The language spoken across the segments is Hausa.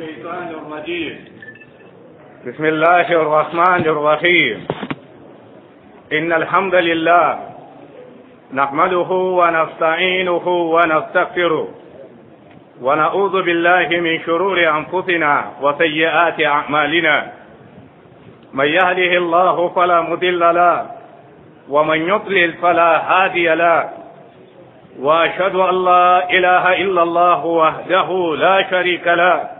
الشيطان الرجيم بسم الله الرحمن الرحيم إن الحمد لله نحمده ونستعينه ونستغفره ونعوذ بالله من شرور أنفسنا وسيئات أعمالنا من يهده الله فلا مضل له ومن يضلل فلا هادي له واشهد ان لا اله الا الله وحده لا شريك له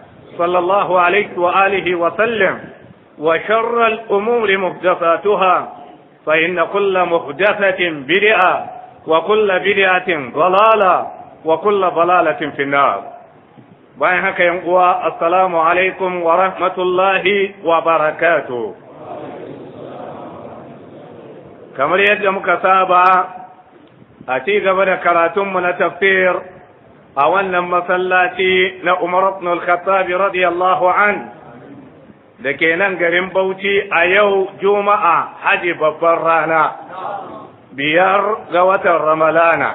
صلى الله عليه واله وسلم وشر الامور محدثاتها فان كل محدثه برئه وكل برئه ضلاله وكل ضلاله في النار بعد هكا ينقوى السلام عليكم ورحمة الله وبركاته كما يدى مكسابة أتي كراتم من التفسير a wannan masallaci na Umar ibn al radiyallahu an da ke nan garin Bauchi a yau Juma'a haji babbar rana biyar ga watan Ramalana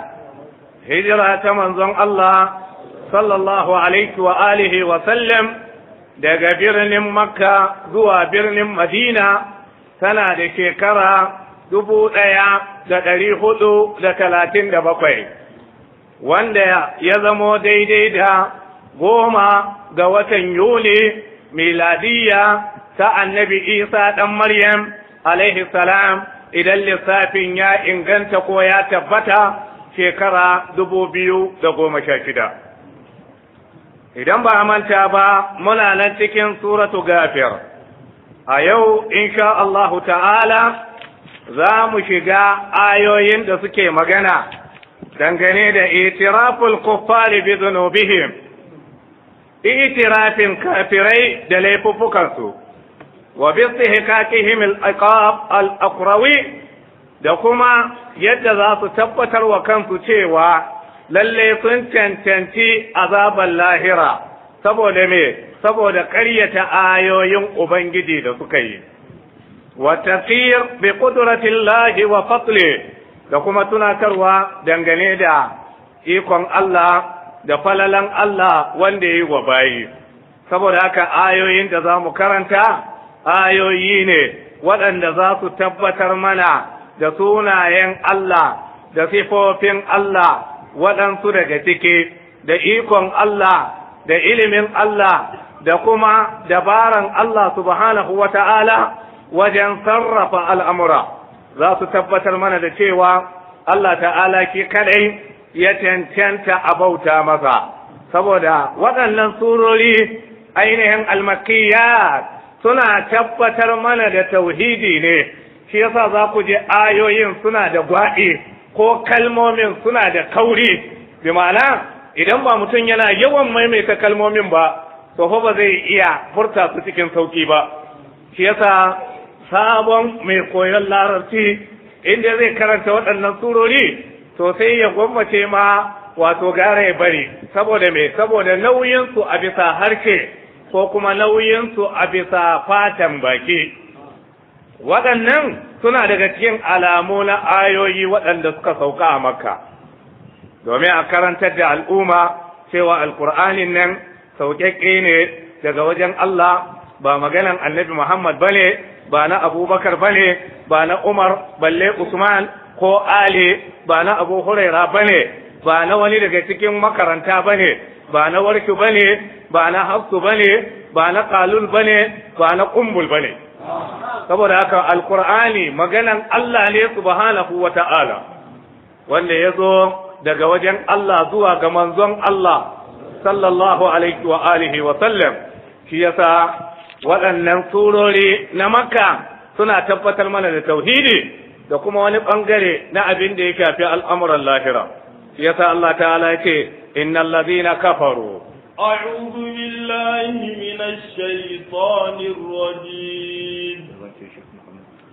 hijira ta manzon Allah sallallahu alaihi wa alihi wa sallam daga birnin Makka zuwa birnin Madina tana da shekara dubu ɗaya da ɗari hudu da talatin da bakwai wanda ya zamo daidai da goma ga watan yuli miladiyya ta annabi isa ɗan maryam alaihi salam idan lissafin ya inganta ko ya tabbata shekara dubu biyu da goma sha shida idan ba manta ba muna nan cikin suratu gafir a yau insha Allahu ta'ala za mu shiga ayoyin da suke magana dangane da itiraful kuffari bi dhunubihim itirafin kafirai da laifuffukansu wa bi istihqaqihim al al-aqrawi da kuma yadda za su tabbatar wa kansu cewa lalle sun cancanci azaban lahira saboda me saboda ƙaryata ayoyin ubangiji da suka yi wa taqir bi qudratillahi wa fadli da kuma tunatarwa dangane da ikon Allah da falalan Allah wanda ya yi wa bayi saboda haka ayoyin da za mu karanta ayoyi ne waɗanda za su tabbatar mana da sunayen Allah da sifofin Allah waɗansu daga ciki da ikon Allah da ilimin Allah da kuma dabaran Allah subhanahu wa ta'ala wajen sarrafa al'amura za su tabbatar mana da cewa Allah ta'ala ke kadai ya cancanta a bauta masa saboda waɗannan surori ainihin almakiya suna tabbatar mana da tauhidi ne shi yasa za ku je ayoyin suna da gwaɗe ko kalmomin suna da kauri bi ma'ana idan ba mutum yana yawan maimaita kalmomin ba to ba zai iya furta su cikin sauki ba shi yasa sabon mai koyon larabci inda zai karanta waɗannan surori to sai ya gwammace ma wato gara ya bari saboda mai saboda nauyinsu a bisa harshe ko kuma nauyinsu a bisa fatan baki waɗannan suna daga cikin alamu na ayoyi waɗanda suka sauka a makka domin a karantar da al'umma cewa alkur'anin nan sauƙaƙe ne daga wajen Allah ba maganan annabi Muhammad bane ba na abubakar ne, ba na umar balle usman ko ali ba na abu huraira ne. ba na wani daga cikin makaranta ne. ba na warki ne. ba na hafsu ne. ba na qalul bane ba na ba ne. saboda haka alkur'ani maganan Allah ne subhanahu ta'ala. wanda zo daga wajen Allah zuwa ga manzon Allah sallallahu alaihi wa alihi wa sallam shi yasa waɗannan surori na makka suna tabbatar mana da tauhidi da kuma wani ɓangare na abin da ya shafi al'amuran lahira sa Allah ta'ala ya ce innal ladina kafaru أعوذ بالله من الشيطان الرجيم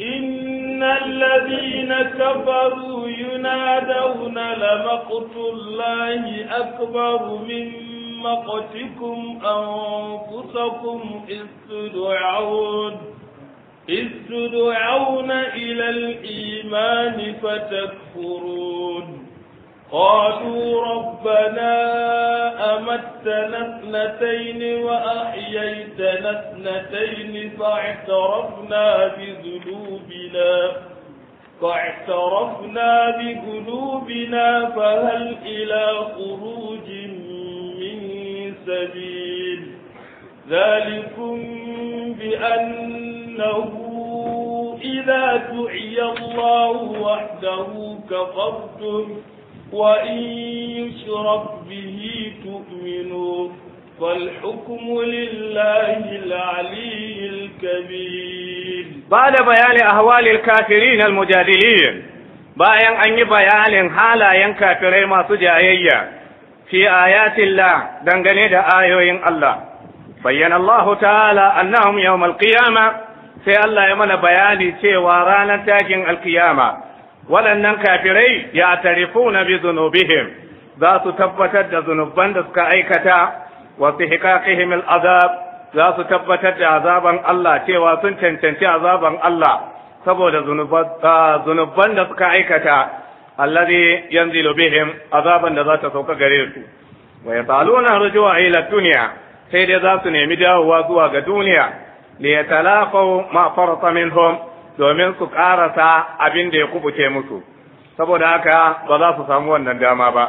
إن الذين كفروا ينادون لمقت الله أكبر من مقتكم أنفسكم إذ تدعون إذ تدعون إلى الإيمان فتكفرون قالوا ربنا أمتنا اثنتين وأحييتنا اثنتين فاعترفنا بذنوبنا فاعترفنا بذنوبنا فهل إلى خروج السبيل ذلكم بأنه إذا دعي الله وحده كفرتم وإن يشرك به تؤمنون فالحكم لله العلي الكبير بعد بيان أهوال الكافرين المجادلين bayan an yi bayanin halayen kafirai masu jayayya fi Tilla, dangane da ayoyin Allah bayyana Allah ta'ala annahum yawmal qiyama sai Allah ya mana bayani cewa ranar takin alkiyama waɗannan kafirai ya tarifuna bi zunubihim za su tabbatar da zunuban da suka aikata wa sihqaqihim al'azab za su tabbatar da azaban Allah cewa sun cancanci azaban Allah saboda ah, zunuban da suka aikata alladhi yanzilu bihim azaban da za ta sauka gare su wa yataluna rujua ila dunya sai dai za su nemi dawowa zuwa ga duniya li yatalaqaw ma farata minhum domin su karasa abin da ya kubuce musu saboda haka ba za su samu wannan dama ba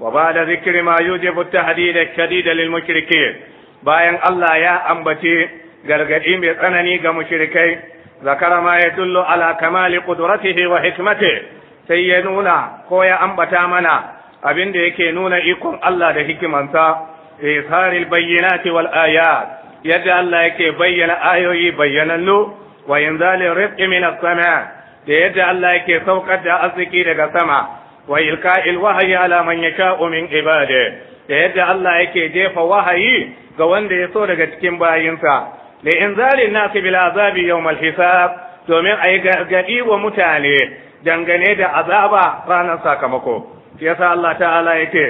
wa bada da zikiri ma yujibu tahdid shadid lil mushrikin bayan Allah ya ambace gargadi mai tsanani ga mushrikai zakara ma yadullu ala kamali qudratihi wa hikmatihi sai ya nuna ko ya ambata mana abin da yake nuna ikon Allah da hikimansa isaril bayyinati wal ayat yadda Allah yake bayyana ayoyi bayyanannu wa inzalin rizqi min as-sama da yadda Allah yake saukar da arziki daga sama wa ilka'il wahyi ala man yasha'u min ibade da yadda Allah yake jefa wahayi ga wanda ya so daga cikin bayinsa li inzalin nasi bil azabi yawm al-hisab domin ayi gargadi wa mutane dangane da azaba ranar sakamako shi yasa Allah ta'ala yake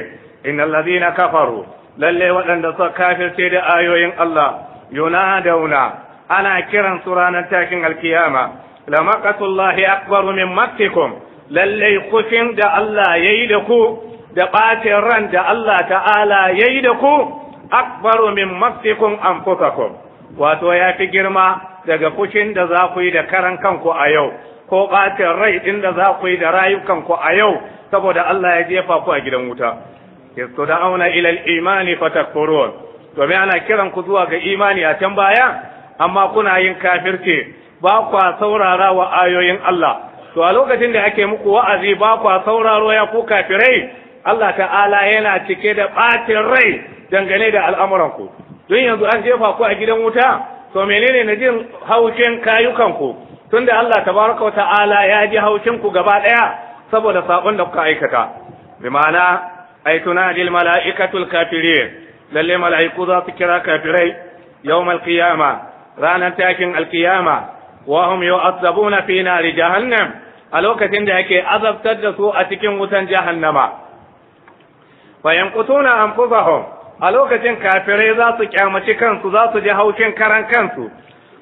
innal ladina kafaru lalle waɗanda suka kafirce da ayoyin Allah yunadauna ana kiran su ranar takin alkiyama lamaqatullahi akbaru min maktikum lalle kufin da Allah yayi da ku da ɓacin ran da Allah ta'ala yayi da ku akbaru min an anfusakum wato ya fi girma daga kushin da za ku yi da karan kanku a yau ko ɓacin rai inda za ku yi da rayukanku a yau saboda Allah ya jefa ku a gidan wuta da ila al-imani fa to me ana kiran ku zuwa ga imani a can baya amma kuna yin kafirce ba ku saurara wa ayoyin Allah to a lokacin da ake muku wa'azi ba ku sauraro ya ku kafirai Allah ta'ala yana cike da ɓacin rai dangane da al'amuran ku don yanzu an jefa ku a gidan wuta to menene na jin haushin kayukan ku tunda Allah tabaraka wata'ala ya ji haushin ku gaba daya saboda sabon da kuka aikata bi ma'ana ay tunadil mala'ikatul kafirin lalle mala'iku za su kira kafirai yawmal qiyama ranar takin alqiyama wa hum yu'azzabuna fi nari jahannam a lokacin da yake azabtar da su a cikin wutan jahannama fa yanqutuna anfusahum a lokacin kafirai za su kyamaci kansu za su ji haushin karan kansu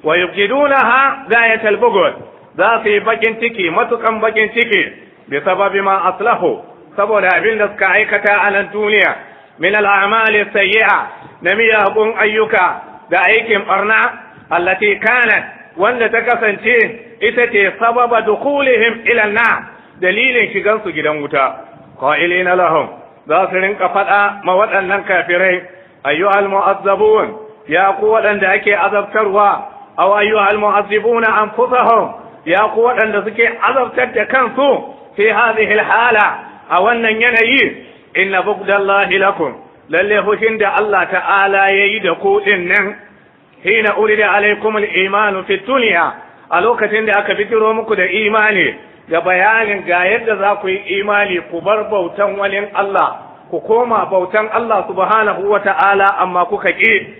wa yubgidunaha gayatal bugud za su yi bakin ciki matukan bakin ciki bi sababi ma aslahu saboda abin da suka aikata a nan duniya min al'amali sayyi'a na miyagun ayyuka da aikin barna allati kanat wanda ta kasance ita ce sababa dukulihim ila na dalilin shigan su gidan wuta qailina lahum za su rinka faɗa ma waɗannan kafirai ayyuhal mu'azzabun ya ku waɗanda ake azabtarwa aw ayyuhal mu'azzibuna anfusahum ya ku waɗanda suke azabtar da kansu fi hadhihi hala a wannan yanayi inna bughdallahi lakum lalle hushin da Allah ta'ala yayi da ku din nan hina urida alaikum al fi dunya a lokacin da aka fitiro muku da imani da bayanin ga yadda za ku yi imani ku bar bautan wani Allah ku koma bautan Allah subhanahu wa ta'ala amma kuka ƙi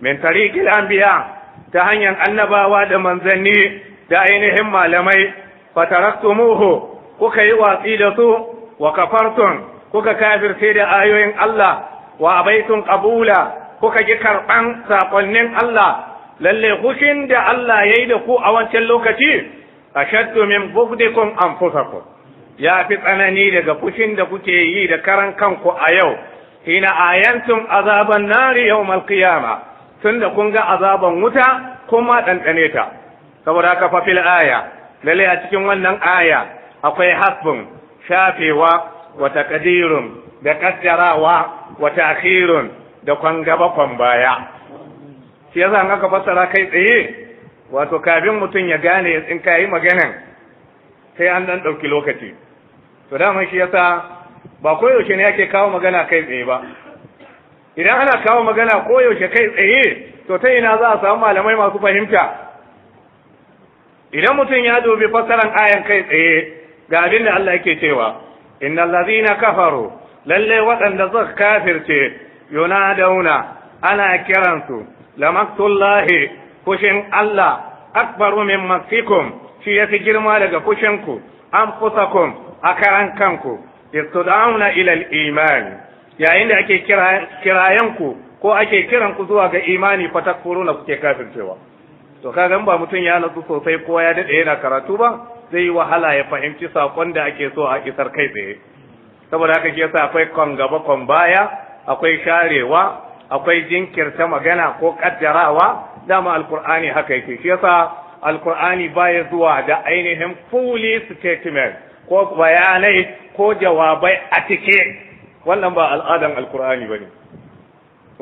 min tariqil anbiya ta hanyar annabawa da manzanni da ainihin malamai fataraktumuhu kuka yi watsi da su wa kafartun kuka kafirce da ayoyin Allah wa abaitun qabula kuka ki karban sakonnin Allah lalle hushin da Allah yayi da ku a wancan lokaci ashaddu min bughdikum anfusakum ya fi tsanani daga kushin da kuke yi da karan kanku a yau hina ayantum azaban nari yawmal qiyamah tunda kun ga azaban wuta kuma ɗanɗane ta saboda haka fa fil aya lalle a cikin wannan aya akwai hasbun shafewa wa taqdirun da kaddarawa wa ta'khirun da kun ga bakon baya shi yasa an aka fassara kai tsaye wato kafin mutum ya gane in ka yi maganan sai an dan ɗauki lokaci to dama shi yasa ba koyaushe ne ake kawo magana kai tsaye ba idan ana kawo magana koyaushe kai tsaye to ta ina za a samu malamai masu fahimta idan mutum ya dubi fassaran ayan kai tsaye ga abin da Allah yake cewa innal ladhina kafaru lalle waɗanda suka kafirce yunadauna ana kiransu lamaktullahi kushin Allah akbaru min maktikum shi ya fi girma daga kushinku anfusakum a karan kanku istud'auna ila al-iman yayin da ake kirayen ku ko ake kiran ku zuwa ga imani fa takfuruna kuke kafircewa to kaga ba mutum ya nutsu sosai ko ya dade yana karatu ba zai wahala ya fahimci sakon da ake so a isar kai tsaye saboda haka ke sa akwai kon gaba kon baya akwai sharewa akwai jinkirta magana ko kaddarawa dama alkur'ani haka yake shi yasa alkur'ani baya zuwa da ainihin fully statement ko bayanai ko jawabai a cikin wannan ba al'adan alkur'ani ne.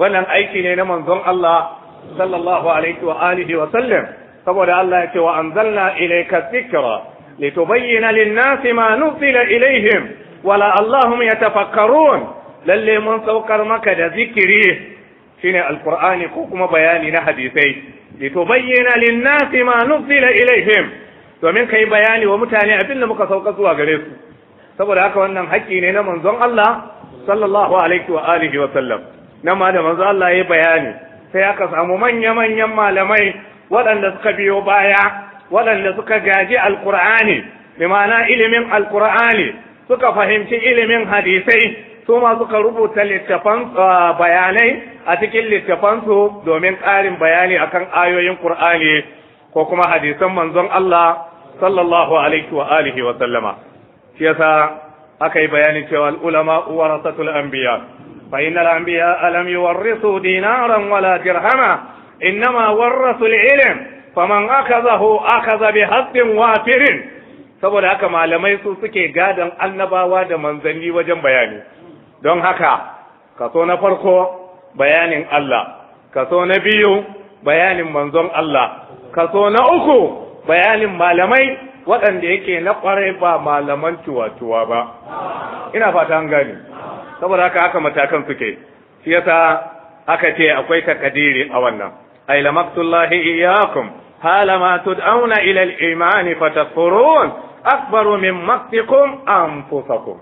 wannan aiki ne na manzon Allah sallallahu alaihi wa alihi wa sallam saboda Allah ya ce wa anzalna ilayka dhikra litubayyana lin-nasi ma nuzila ilayhim wala allahum yatafakkarun lalle mun saukar maka da zikiri shine alkur'ani ko kuma bayani na hadisai litubayyana lin-nasi ma nuzila ilayhim domin kai bayani wa mutane abin da muka sauka zuwa gare su saboda haka wannan haƙƙi ne na manzon Allah sallallahu alaihi wa alihi wa sallam na ma manzo Allah ya bayani sai aka samu manya manyan malamai waɗanda suka biyo baya waɗanda suka gaji alqur'ani bi ma'ana ilimin alqur'ani suka fahimci ilimin hadisai su ma suka rubuta littafan ah, bayanai a cikin littattafansu domin ƙarin bayani akan ayoyin qur'ani ko kuma hadisan manzon Allah sallallahu alaihi wa alihi wa sallama shi yasa aka yi bayanin cewa al'ulama warasatul anbiya fa innal anbiya alam yuwarrisu dinaran wala dirhama innama warrasu ilm faman akazahu akaza bi haddin wafirin saboda haka malamai su suke gadon annabawa da manzanni wajen bayani don haka kaso na farko bayanin Allah kaso na biyu bayanin manzon Allah kaso na uku bayanin malamai waɗanda yake na kwarai ba malaman tuwatuwa ba ina fata an gani saboda haka haka matakan suke shi yasa aka ce akwai takadiri a wannan ay maktullahi iyyakum halama tud'auna ila al-iman fatakfurun akbaru min maqtikum anfusakum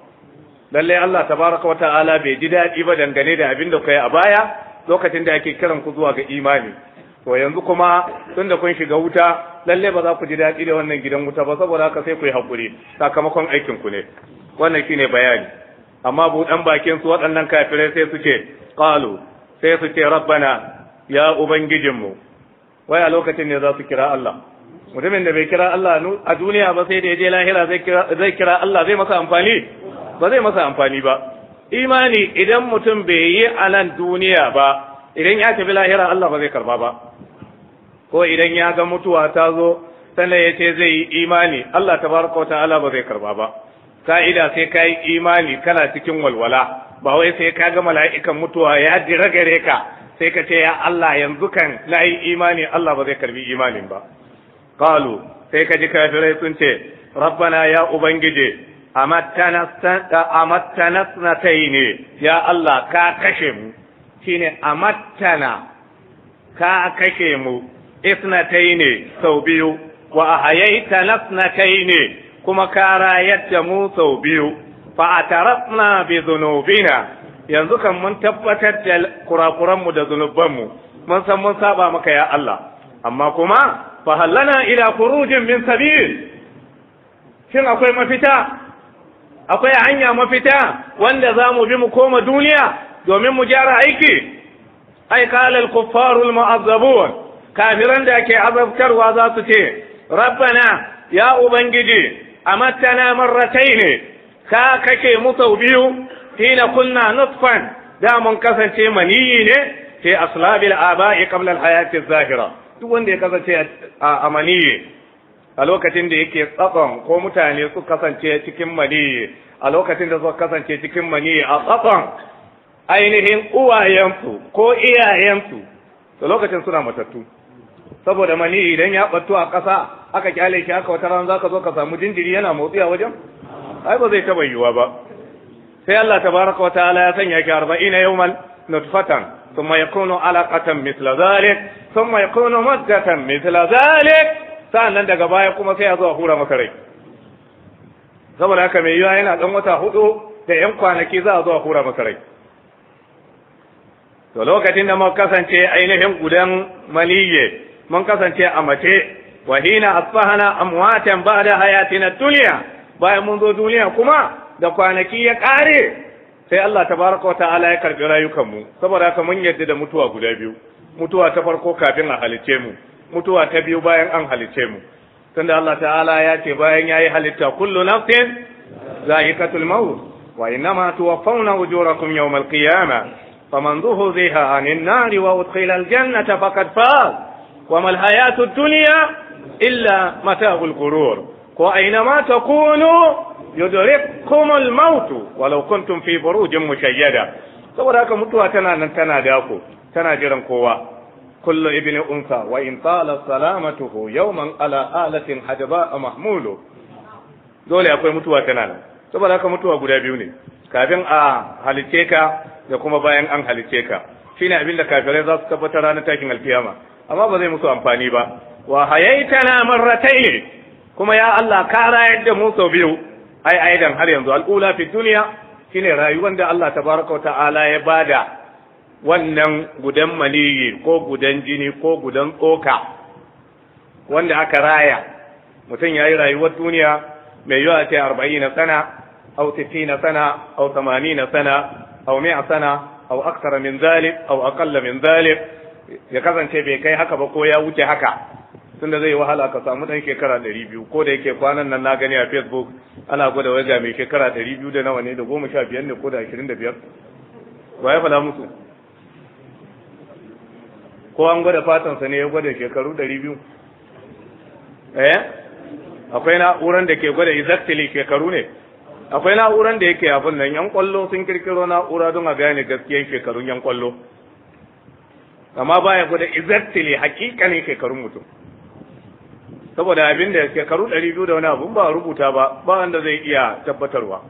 lalle Allah tabaraka wa ta'ala bai ji daɗi ba dangane da abin da kai a baya lokacin da ake kiran ku zuwa ga imani to yanzu kuma tunda kun shiga wuta lalle ba za ku ji daɗi da wannan gidan wuta ba saboda haka sai ku yi haƙuri sakamakon aikin ku ne wannan shine bayani amma buɗan bakin su waɗannan kafirai sai suke ƙalu qalu sai su ce rabbana ya ubangijinmu wai a lokacin ne za su kira Allah mutumin da bai kira Allah a duniya ba sai da ya je lahira zai kira Allah zai masa amfani ba zai masa amfani ba imani idan mutum bai yi a nan duniya ba idan ya tafi lahira Allah ba zai karba ba ko idan ya ga mutuwa ta zo sannan ya ce zai yi imani Allah tabaraka ta'ala ba zai karba ba ka'ida sai ka yi imani kana cikin walwala ba wai sai ka ga mala'ikan mutuwa ya jira gare ka sai ka ce ya Allah yanzu kan na yi imani Allah ba zai karbi imanin ba Kalu sai ka ji kafirai sun ce rabbana ya ubangije amattana ne ya Allah ka kashe mu shine amattana ka kashe mu isnataini sau biyu wa ahayaita nasnataini kuma kara yadda mu sau biyu fa atarafna bi dhunubina yanzu kan mun tabbatar da kurakuranmu da zunubanmu mun san mun saba maka ya Allah amma kuma fa hallana ila khurujin min sabil shin akwai mafita akwai hanya mafita wanda za mu bi mu koma duniya domin mu gyara aiki ai kalal al-kuffaru al kafiran da ake azabtarwa za su ce rabbana ya ubangiji marratai ne, ka kake mu sau biyu tina kunna nutfan da mun kasance maniyi ne ce aslabil aba'i qabla al hayati zahira duk wanda ya kasance a maniyi a lokacin da yake tsatson ko mutane su kasance cikin maniyi a lokacin da su kasance cikin maniyi a tsatson ainihin uwayensu ko iyayensu da lokacin suna matattu saboda mani idan ya battu a ƙasa aka kyale shi aka wata ran ka zo ka samu jinjiri yana motsi a wajen ai ba zai taba yiwuwa ba sai Allah tabaraka wa ta'ala ya sanya ki arba'ina yawmal nutfatan thumma yakunu alaqatan mithla zalik thumma yakunu maddatan mithla zalik sannan daga baya kuma sai ya zo a hura maka rai saboda haka mai yiwuwa yana dan wata hudu da yan kwanaki za a zo a hura maka rai to lokacin da muka kasance ainihin gudan maliye mun kasance a mace wa hina asbahana amwatan ba'da hayatina dunya bayan mun zo duniya kuma da kwanaki ya kare sai Allah tabaraka ta'ala ya karbi rayukan mu saboda haka mun yarda da mutuwa guda biyu mutuwa ta farko kafin a halice mu mutuwa ta biyu bayan an halice mu tunda Allah ta'ala ya ce bayan yayi halitta kullu nafsin za'iqatul maut wa innama tuwaffawna ujurakum yawmal qiyamah faman zuhziha 'anil nari wa udkhila al-jannata faqad faz وما الحياة الدنيا إلا متاع الغرور وأينما تكونوا يدرككم الموت ولو كنتم في بروج مشيدة سوى ذلك متوا تنا تنا داكو تنا جرن قوة كل ابن أنثى وإن طال سلامته يوما على آلة حجباء محمول دول يا كوي متوا تنا سوى ذلك متوا غدا بيوني كابين آ آه، هل تيكا يكوم باين أن هل تيكا فينا ابن لكافرين ذات تبترانا تاكين القيامة amma ba zai musu amfani ba wa hayaitana marratayn kuma ya Allah ka rayar da mu sau biyu ai har yanzu al'ula fi duniya shine rayuwar da Allah tabaraka wa ta'ala ya bada wannan gudan maliyi ko gudan jini ko gudan tsoka wanda aka raya mutum yayi rayuwar duniya mai yawa ce 40 sana au 60 sana au 80 sana au 100 sana au akthar min zalik au aqall min zalik ya kasance bai kai haka ba ko ya wuce haka tunda zai wahala ka samu dan shekara ɗari biyu ko da yake kwanan nan na gani a facebook ana gwada waja mai shekara ɗari biyu da nawa ne da goma sha biyar ne ko da ashirin da biyar ba ya faɗa musu ko an gwada fatansa ne ya gwada shekaru ɗari biyu eh akwai na'uran da ke gwada exactly shekaru ne akwai na'uran da yake abin nan yan kwallo sun kirkiro na'ura don a gane gaskiyar shekarun yan kwallo amma baya gwada exactly ne shekarun mutum saboda abin da shekaru ɗari biyu da wani abun ba rubuta ba ba wanda zai iya tabbatarwa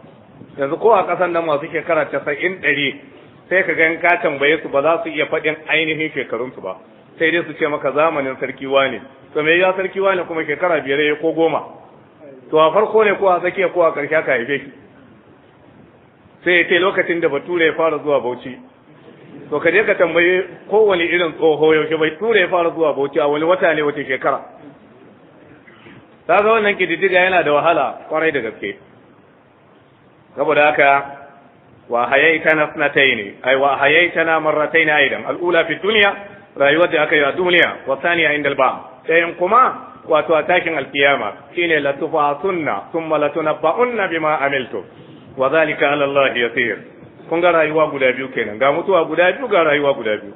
yanzu ko a kasan nan masu shekara casa'in ɗari sai ka gan ka tambaye su ba za su iya faɗin ainihin shekarunsu ba sai dai su ce maka zamanin sarki wane to me ya sarki wane kuma shekara biyar ya ko goma to a farko ne ko a tsakiya ko a ƙarshe ka haife shi sai ya ce lokacin da bature ya fara zuwa bauchi to ka je ka tambayi kowane irin tsoho yaushe bai tura ya fara zuwa bauchi a wani wata ne wata shekara ga wannan kididdiga yana da wahala kwarai da gaske saboda haka wa hayaitana sanataini ai wa hayaitana ne aidan al'ula fi duniya. rayuwar da aka yi a duniya wa thaniya inda ba dayan kuma wato a takin alkiyama shine latufa sunna thumma latunabba'unna bima amiltu wa dhalika ala Allah yasir kun ga rayuwa guda biyu kenan ga mutuwa guda biyu ga rayuwa guda biyu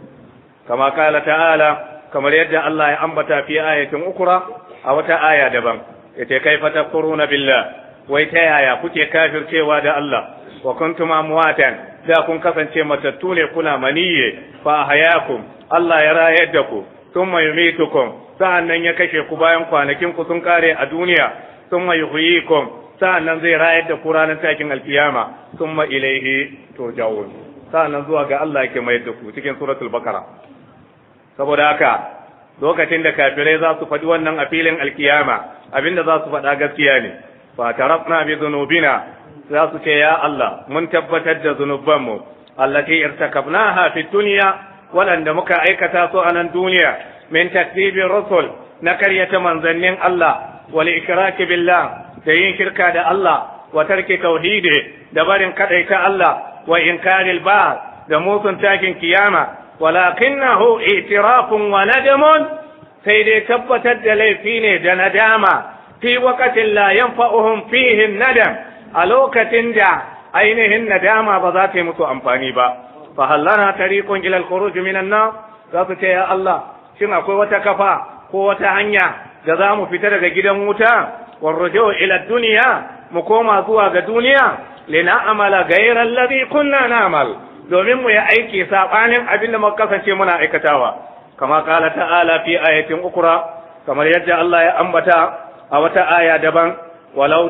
kama kala ta'ala kamar yadda Allah ya ambata fi ayatin ukura a wata aya daban yace kaifa takfuruna billah wai ta yaya kuke kafircewa da Allah wa kuntum amwatan da kun kasance matattu ne kuna maniye fa hayakum Allah ya rayar da ku thumma yumitukum nan ya kashe ku bayan kwanakin ku sun kare a duniya thumma yuhyikum sa'annan zai rayar da ku ranar takin alkiyama summa ilaihi turja'un sa'annan zuwa ga Allah yake mayar da ku cikin suratul bakara saboda haka lokacin da kafirai za su faɗi wannan a filin alkiyama abinda za su faɗa gaskiya ne fa tarafna bi dhunubina za su ce ya Allah mun tabbatar da zunubanmu allati irtakabnaha fi dunya waɗanda muka aikata su a nan duniya min takdibin rusul na karyata manzannin Allah wal ikraki billah da yin shirka da Allah wa tarki tauhidi da barin kadaita Allah wa inkaril ba'd da mutun takin kiyama walakinahu i'tirafun wa nadamun sai dai tabbatar da laifi ne da nadama fi waqatin la yanfa'uhum fihi nadam a lokacin da ainihin nadama ba za ta yi musu amfani ba fa hallana tariqun ila al-khuruj minan nar za su ce ya Allah shin akwai wata kafa ko wata hanya da za mu fita daga gidan wuta warrujo ila duniya mu koma zuwa ga duniya lina amala gairan ladhi kunna na'mal domin mu yi aiki saɓanin abinda da muka kasance muna aikatawa kama kala ta'ala a ayatin ukra kamar yadda Allah ya ambata a wata aya daban walau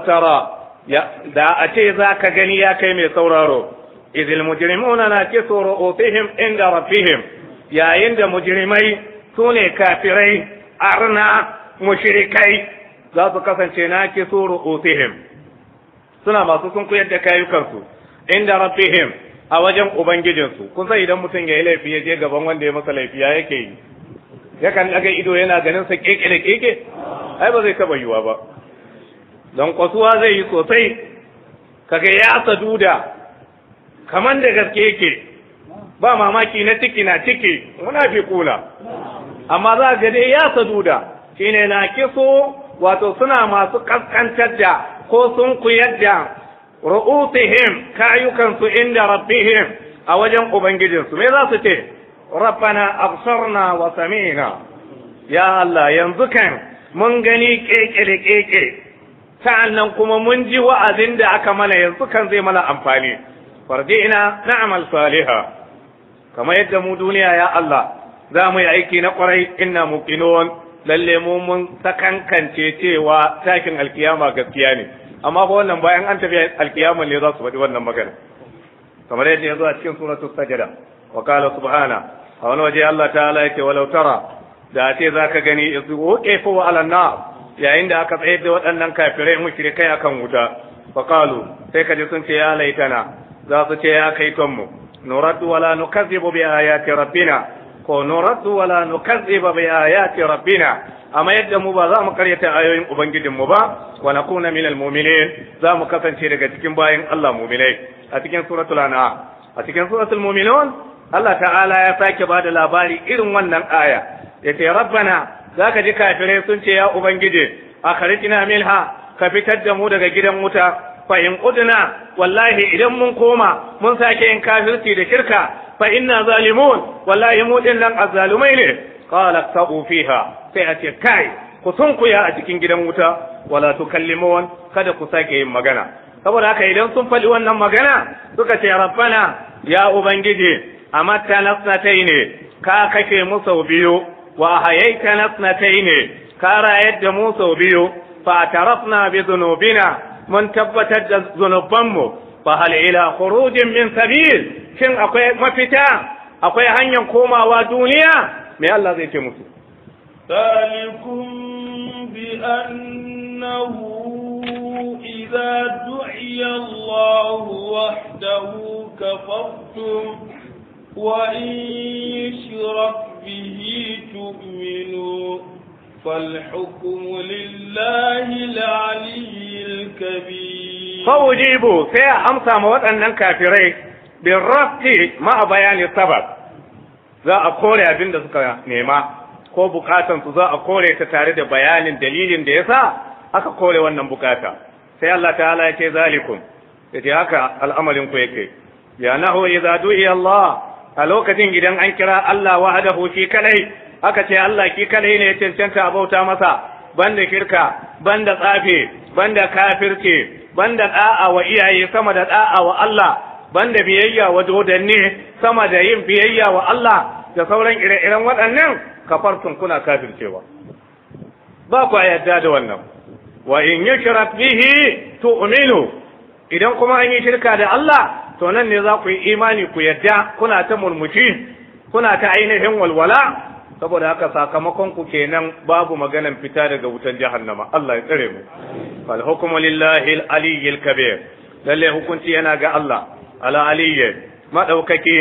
da a ce za ka gani ya kai mai sauraro idil mujrimuna na kisu ru'utihim inda rabbihim yayin da mujirimai sune ne kafirai arna mushrikai za su kasance na ke so ru'usihim suna masu sun kuyar da kayukansu inda rabbihim a wajen ubangijinsu kun san idan mutum ya yi laifi ya je gaban wanda ya masa laifi ya yake yi yakan daga ido yana ganin sa keke da keke ai ba zai taba yiwa ba don kwasuwa zai yi sosai kaga ya sadu da kaman da gaske yake ba mamaki na ciki na ciki muna fi kula amma za ga dai ya sadu da shine na kiso wato suna masu kaskantar da ko sun kuyar da ru'utihim kayukansu inda rabbihim a wajen ubangijinsu me za su ce rabbana absarna wa sami'na ya Allah yanzu kan mun gani kekere keke sa'annan kuma mun ji wa'azin da aka mana yanzu kan zai mana amfani farji'na na'mal Saliha. kamar yadda mu duniya ya Allah za mu yi aiki na kwarai inna muqinun lalle mu mun sakankance cewa takin alkiyama gaskiya ne amma ba wannan bayan an tafi alkiyama ne za su faɗi wannan magana kamar yadda ya zo a cikin suratu sajada wa qala subhana a wani waje Allah ta'ala yake walau tara da ce zaka gani izu uqifu ala nar yayin da aka tsayar da waɗannan kafirai mushrikai akan wuta fa qalu sai kaje sun ce ya laitana za su ce ya kai tonmu nuradu wala nukazzibu bi ayati rabbina ko nuraddu wala nukazziba bi ayati rabbina amma yadda mu ba za mu karyata ayoyin ubangijin mu ba wa nakuna al mu'minin za mu kasance daga cikin bayin Allah mu'minai a cikin suratul an'am a cikin suratul mu'minun Allah ta'ala ya sake bada labari irin wannan aya yace rabbana zaka ji kafirai sun ce ya ubangije akhrijna minha ka fitar da mu daga gidan wuta fa in udna wallahi idan mun koma mun sake yin kafirci da shirka fa inna zalimun wallahi mu din nan azzalumai ne qala taqu fiha sai a ce kai ku sunkuya a cikin gidan wuta wala tukallimun kada ku sake yin magana saboda haka idan sun faɗi wannan magana suka ce rabbana ya ubangiji amatta nasnatai ne ka kake mu sau biyu wa hayaita nasnatai ne ka rayar da mu sau biyu fa tarafna bi zunubina mun tabbatar da zunubanmu فهل إلى خروج من سبيل شن أقوي مفتا أقوي هن ينقوم ودونيا ما الله ذي تموتي ذلكم بأنه إذا دعي الله وحده كفرتم وإن يشرك به تؤمنون فالحكم لله العلي الكبير فوجيبوا سي أمسى موت أنن كافرين بالربط مع بيان السبب za a kore abin da suka nema ko bukatan su za a kore ta tare da bayanin dalilin da yasa aka kore wannan bukata sai Allah ta'ala ya ce zalikum yace haka al'amarin ku yake ya nahu idza du'iya Allah a lokacin idan an kira Allah wahdahu shi kalai aka ce Allah ki kadai ne ya cancanta a bauta masa banda shirka banda tsafe banda kafirce banda da'a wa iyaye sama da da'a wa Allah banda biyayya wa dodanni sama da yin biyayya wa Allah da sauran ire-iren waɗannan kafartun kuna kafircewa ba ku yadda da wannan wa in yushrak bihi tu'minu idan kuma an yi shirka da Allah to nan ne za ku yi imani ku yadda kuna ta murmushi kuna ta ainihin walwala saboda haka sakamakon ku kenan babu maganan fita daga wutan jahannama Allah ya tsare mu fal hukmu lillahi al-aliyyil kabir lalle hukunci yana ga Allah ala aliyyi madaukaki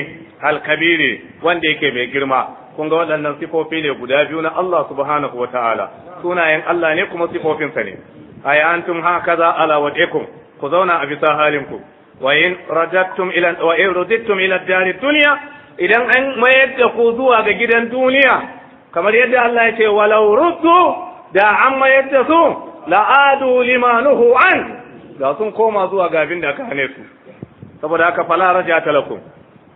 al-kabiri wanda yake mai girma kun ga waɗannan sifofi ne guda biyu na Allah subhanahu wa ta'ala sunayen Allah ne kuma sifofinsa ne ay antum hakaza ala wadikum ku zauna a bisa halinku wa in rajattum ila wa in ila dunya idan an mayar da ku zuwa ga gidan duniya kamar yadda Allah ya ce walau ruddu da an mayar da su la'adu limanuhu an da sun koma zuwa ga abin da aka hane su saboda haka fala raja talakum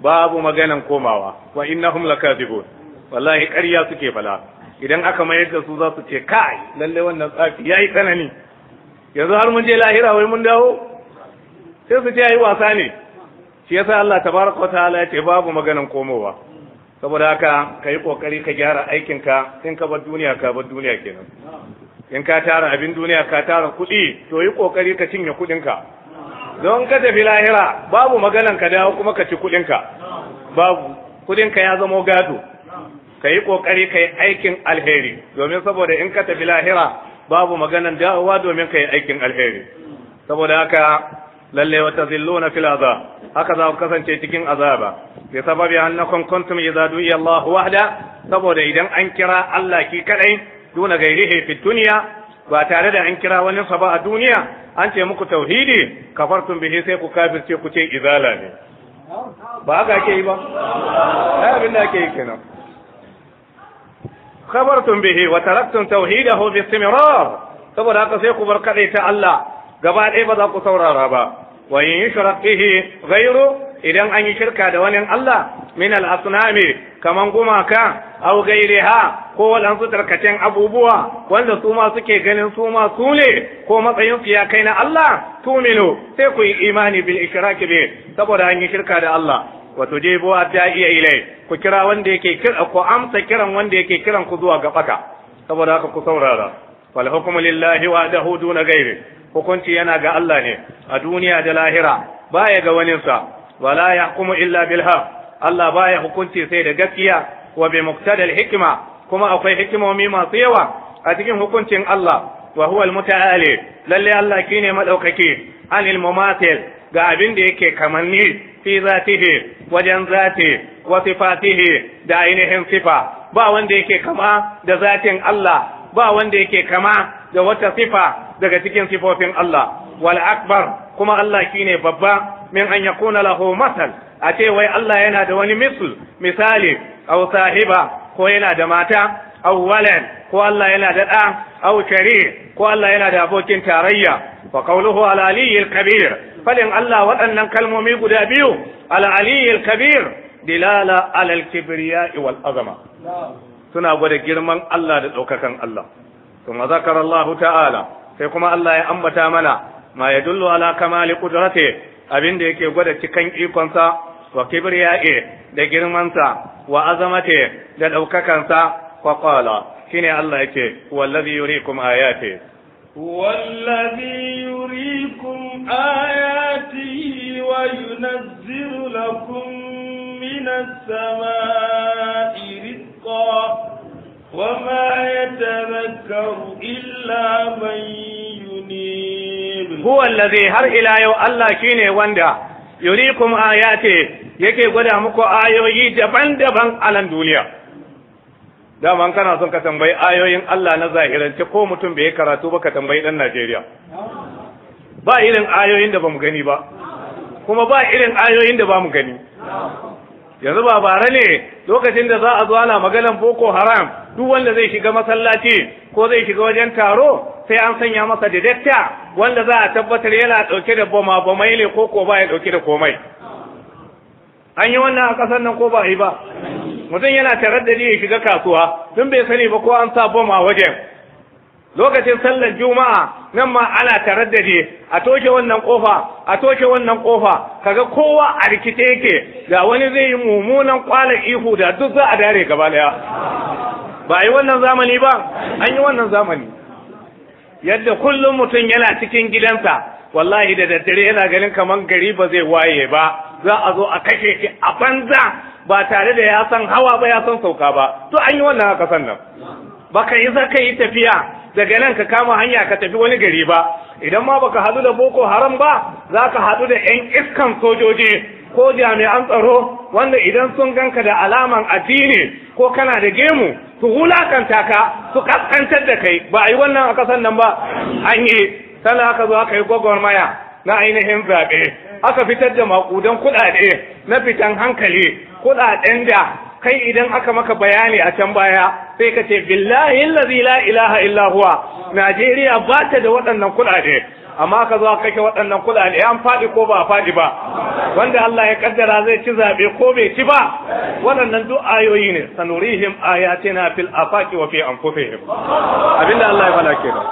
babu maganan komawa wa innahum lakadibun wallahi ƙarya suke fala idan aka mayar da su za su ce kai lalle wannan tsafi yayi tsanani yanzu har mun je lahira wai mun dawo sai su ce yayi wasa ne shi yasa Allah tabaraka wa ta'ala ya ce babu maganan komowa saboda haka ka yi kokari ka gyara aikinka in ka bar duniya ka bar duniya kenan in ka tara abin duniya ka tara kuɗi to yi kokari ka cinye kuɗinka don ka tafi lahira babu maganan ka dawo kuma ka ci kuɗinka babu kuɗinka ya zama gado ka yi kokari ka yi aikin alheri domin saboda in ka tafi lahira babu maganan dawowa domin ka yi aikin alheri saboda haka lalle wata tazilluna fil azab haka za ku kasance cikin azaba bi sababi annakum kuntum idza du'iya Allah wahda saboda idan an kira Allah ki kadai duna gairihi fi dunya ba tare da an kira wani sa ba a duniya an ce muku tauhidi kafartum bihi sai ku kafirce ku ce izala ne ba haka ake yi ba ai abin da ake yi kenan khabartum bihi wa taraktum tauhidahu bi istimrar saboda haka sai ku bar kadai ta Allah gaba ɗaya ba za ku saurara ba wa in yushrak ghayru idan an yi shirka da wani Allah min al-asnami kaman gumaka aw ghayriha ko su tarkacen abubuwa wanda su ma suke ganin su ma su ne ko matsayin su ya kai na Allah tuminu sai ku yi imani bil ishrak bi saboda an yi shirka da Allah wato je bo ta iya ilai ku kira wanda yake kira ku amsa kiran wanda yake kiran ku zuwa ga saboda haka ku saurara fal hukmu lillahi wahdahu duna ghairi hukunci yana ga Allah ne a duniya da lahira baya ga wani sa wala yahkumu illa bil haq Allah baya hukunci sai da gaskiya wa bi muqtadal hikma kuma akwai hikimomi masu yawa a cikin hukuncin Allah wa huwa al-muta'ali lalle Allah kine madaukaki anil mumathil ga abin da yake kamanni fi zatihi wajen zati wa sifatihi da ainihin sifa ba wanda yake kama da zatin Allah ba wanda yake kama da wata sifa daga cikin sifofin Allah wal akbar kuma Allah shine babba min an yakuna lahu masal a ce wai Allah yana da wani misl misali aw sahiba ko yana da mata aw walad ko Allah yana da da aw shari ko Allah yana da abokin tarayya wa qawluhu al aliyyil kabir falin Allah waɗannan kalmomi guda biyu al aliyyil kabir dilala ala al kibriya wal azama suna gwada girman Allah da ɗaukakan Allah kuma zakar Allah ta'ala sai kuma Allah ya ambata mana ma ya dullu ala kamali qudrati abin da yake gwada cikan ikonsa wa kibriya'i da girmansa wa da ɗaukakansa fa qala shine Allah yake wallazi yurikum ayati والذي يريكم آياته وينزل لكم من السماء حقا وما يتذكر إلا من ينيب هو الذي هر إلى يو الله كيني وندا يريكم آياته yake gwada muku ayoyi daban-daban a nan duniya daman kana son ka tambayi ayoyin Allah na zahirance ko mutum bai karatu ba ka tambayi dan Najeriya ba irin ayoyin da ba mu gani ba kuma ba irin ayoyin da ba mu gani yanzu ba bare ne lokacin da za a zo ana maganan boko haram duk wanda zai shiga masallaci ko zai shiga wajen taro sai an sanya masa didakta wanda za a tabbatar yana dauke da boma bomai ne ko ko ba ya dauke da komai an yi wannan a kasar nan ko ba yi ba mutum yana da ya shiga kasuwa tun bai sani ba ko an sa boma wajen lokacin sallar juma'a nan ma ana taraddade a toshe wannan kofa a toshe wannan kofa kaga kowa a rikice yake ga wani zai yi mummunan kwalar ihu da duk za a dare gaba daya ba yi wannan zamani ba an yi wannan zamani yadda kullum mutum yana cikin gidansa wallahi da daddare yana ganin kamar gari ba zai waye ba za a zo a kashe shi a banza ba tare da ya san hawa ba ya san sauka ba to an yi wannan haka sannan baka yi zaka yi tafiya daga nan ka kama hanya ka tafi wani gari ba idan ma baka hadu da boko haram ba za ka hadu da yan iskan sojoji ko jami'an tsaro wanda idan sun ganka da alaman addini ko kana da gemu su wulakanta ka su kaskantar da kai ba a yi wannan a kasan nan ba an yi sannan aka zo aka yi gwagwarmaya na ainihin zaɓe aka fitar da makudan kuɗaɗe na fitan hankali kuɗaɗen da kai idan aka maka bayani a can baya sai ka ce billahi allazi la ilaha illa huwa najeriya ba ta da waɗannan kuɗaɗe amma ka zo kake waɗannan kuɗaɗe an faɗi ko ba faɗi ba wanda Allah ya kaddara zai ci zaɓe ko bai ci ba waɗannan duk ayoyi ne sanurihim ayatina fil afaqi wa fi anfusihim abinda Allah ya bala ba.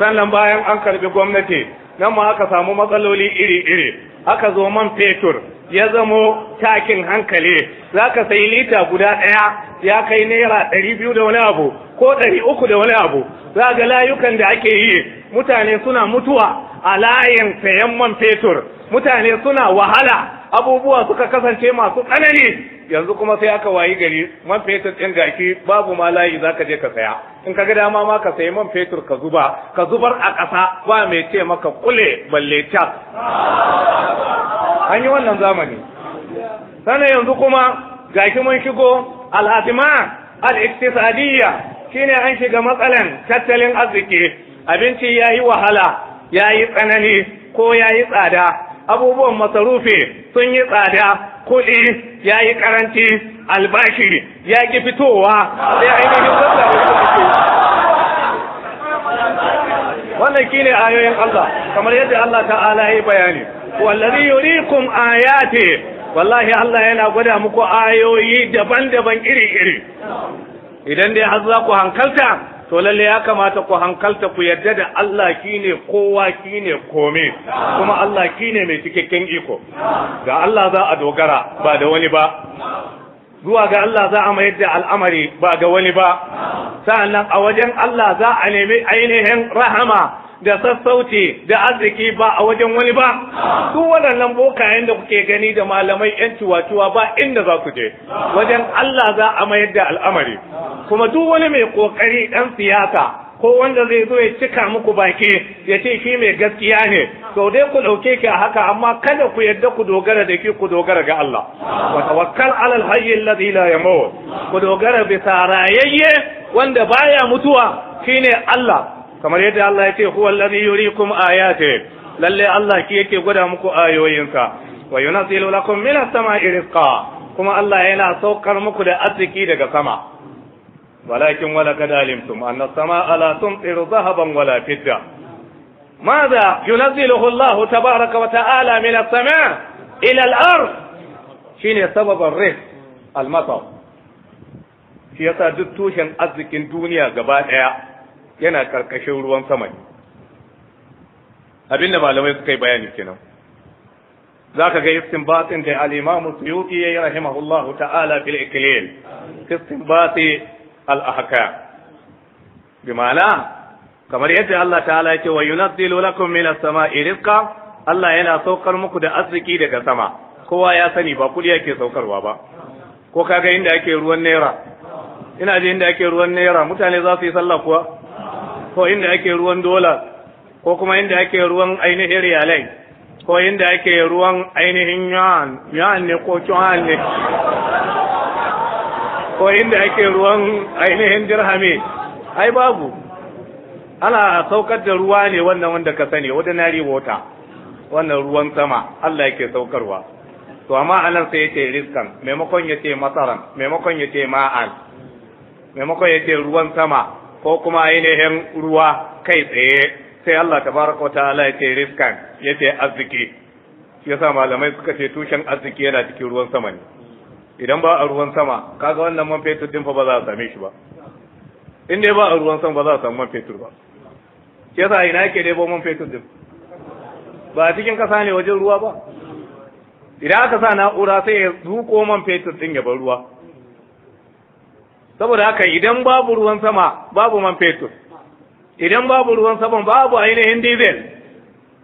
sannan bayan an karbi gwamnati nan ma aka samu matsaloli iri-iri aka zo man fetur ya zamo takin hankali za ka sayi lita guda ɗaya ya kai naira ɗari biyu da wani abu ko ɗari uku da wani abu za ga layukan da ake yi mutane suna mutuwa a layin sayan man fetur mutane suna wahala abubuwa suka kasance masu tsanani yanzu kuma sai aka wayi gari man fetur ɗin gaki babu ma layi za ka je ka saya in ka ga dama ma ka sayi man fetur ka zuba ka zubar a ƙasa ba mai ce maka kule balle cas an yi wannan zamani sannan yanzu kuma gaki mun shigo al'adima al-iktisadiyya shine an shiga matsalan tattalin arziki abinci ya yi wahala ya yi tsanani ko ya yi tsada abubuwan masarufi sun yi tsada kuɗi ya yi karanci albashi ya ki fitowa ya ainihin sassa wannan shine ayoyin Allah kamar yadda Allah ta'ala ya yi bayani wallazi yurikum ayati wallahi Allah yana gwada muku ayoyi daban-daban iri-iri idan dai har za ku hankalta to lalle ya kamata ku hankalta ku yadda da Allah kine kowa kine kome kuma Allah kine mai cikakken iko ga Allah za a dogara ba da wani ba zuwa ga Allah za a mayar da al'amari ba ga wani ba sa'annan a wajen Allah za a nemi ainihin rahama da sassauci da arziki ba a wajen wani ba duk waɗannan bokayen da kuke gani da malamai yan tuwatuwa ba inda za su je wajen Allah za a mayar da al'amari kuma duk wani mai kokari ɗan siyasa ko wanda zai zo ya cika muku baki ya ce shi mai gaskiya ne to dai ku ɗauke ki a haka amma kada ku yadda ku dogara da ki ku dogara ga Allah wa tawakkal ala al-hayy alladhi la yamut ku dogara bisa rayayye wanda baya mutuwa shine Allah kamar yadda Allah ya ce huwa allazi yuriikum ayati lalle Allah ki yake gwada muku ayoyinsa wa yunzilu lakum minas samai rizqa kuma Allah yana saukar muku da arziki daga sama walakin wala kad alimtum anna samaa la tumtiru dhahaban wala fidda ماذا ينزله الله تبارك وتعالى من السماء إلى الأرض شين سبب الرزق المطر shi yasa duk tushen arzikin duniya gaba ɗaya yana karkashin ruwan sama ne abinda malamai suka yi bayani kenan za ka ga istinbatin da al-imam suyuti ya yi rahimahullah ta'ala fil iklil istinbati al-ahkam bi ma'ana kamar yadda Allah ta'ala yake wa yunazzilu lakum as sama'i rizqa Allah yana saukar muku da arziki daga sama kowa ya sani ba kudi yake saukarwa ba ko kaga inda ake ruwan naira ina ji inda ake ruwan naira mutane za su yi sallah kuwa ko inda ake ruwan dola ko kuma inda ake ruwan ainihin riyalai ko inda ake ruwan ainihin yuan yuan ne ko yuan ne ko inda ake ruwan ainihin dirhami ai babu ana saukar da ruwa ne wannan wanda ka sani ordinary water wannan ruwan sama Allah yake saukarwa to amma anan sai yace riskan maimakon yace masaran maimakon yace ma'an maimakon yace ruwan sama ko kuma ainihin ruwa kai tsaye sai Allah wata ala ya ce riskan ya ce arziki shi yasa malamai suka ce tushen arziki yana cikin ruwan sama ne idan ba a ruwan sama kaga wannan man fetur din fa ba za a same shi ba in dai ba a ruwan sama ba za a samu man fetur ba shi yasa ina yake dai man fetur din ba cikin kasa ne wajen ruwa ba idan aka sa na'ura sai ya zuko man fetur din ya bar ruwa saboda haka idan babu ruwan sama babu man fetur idan babu ruwan sama babu ainihin diesel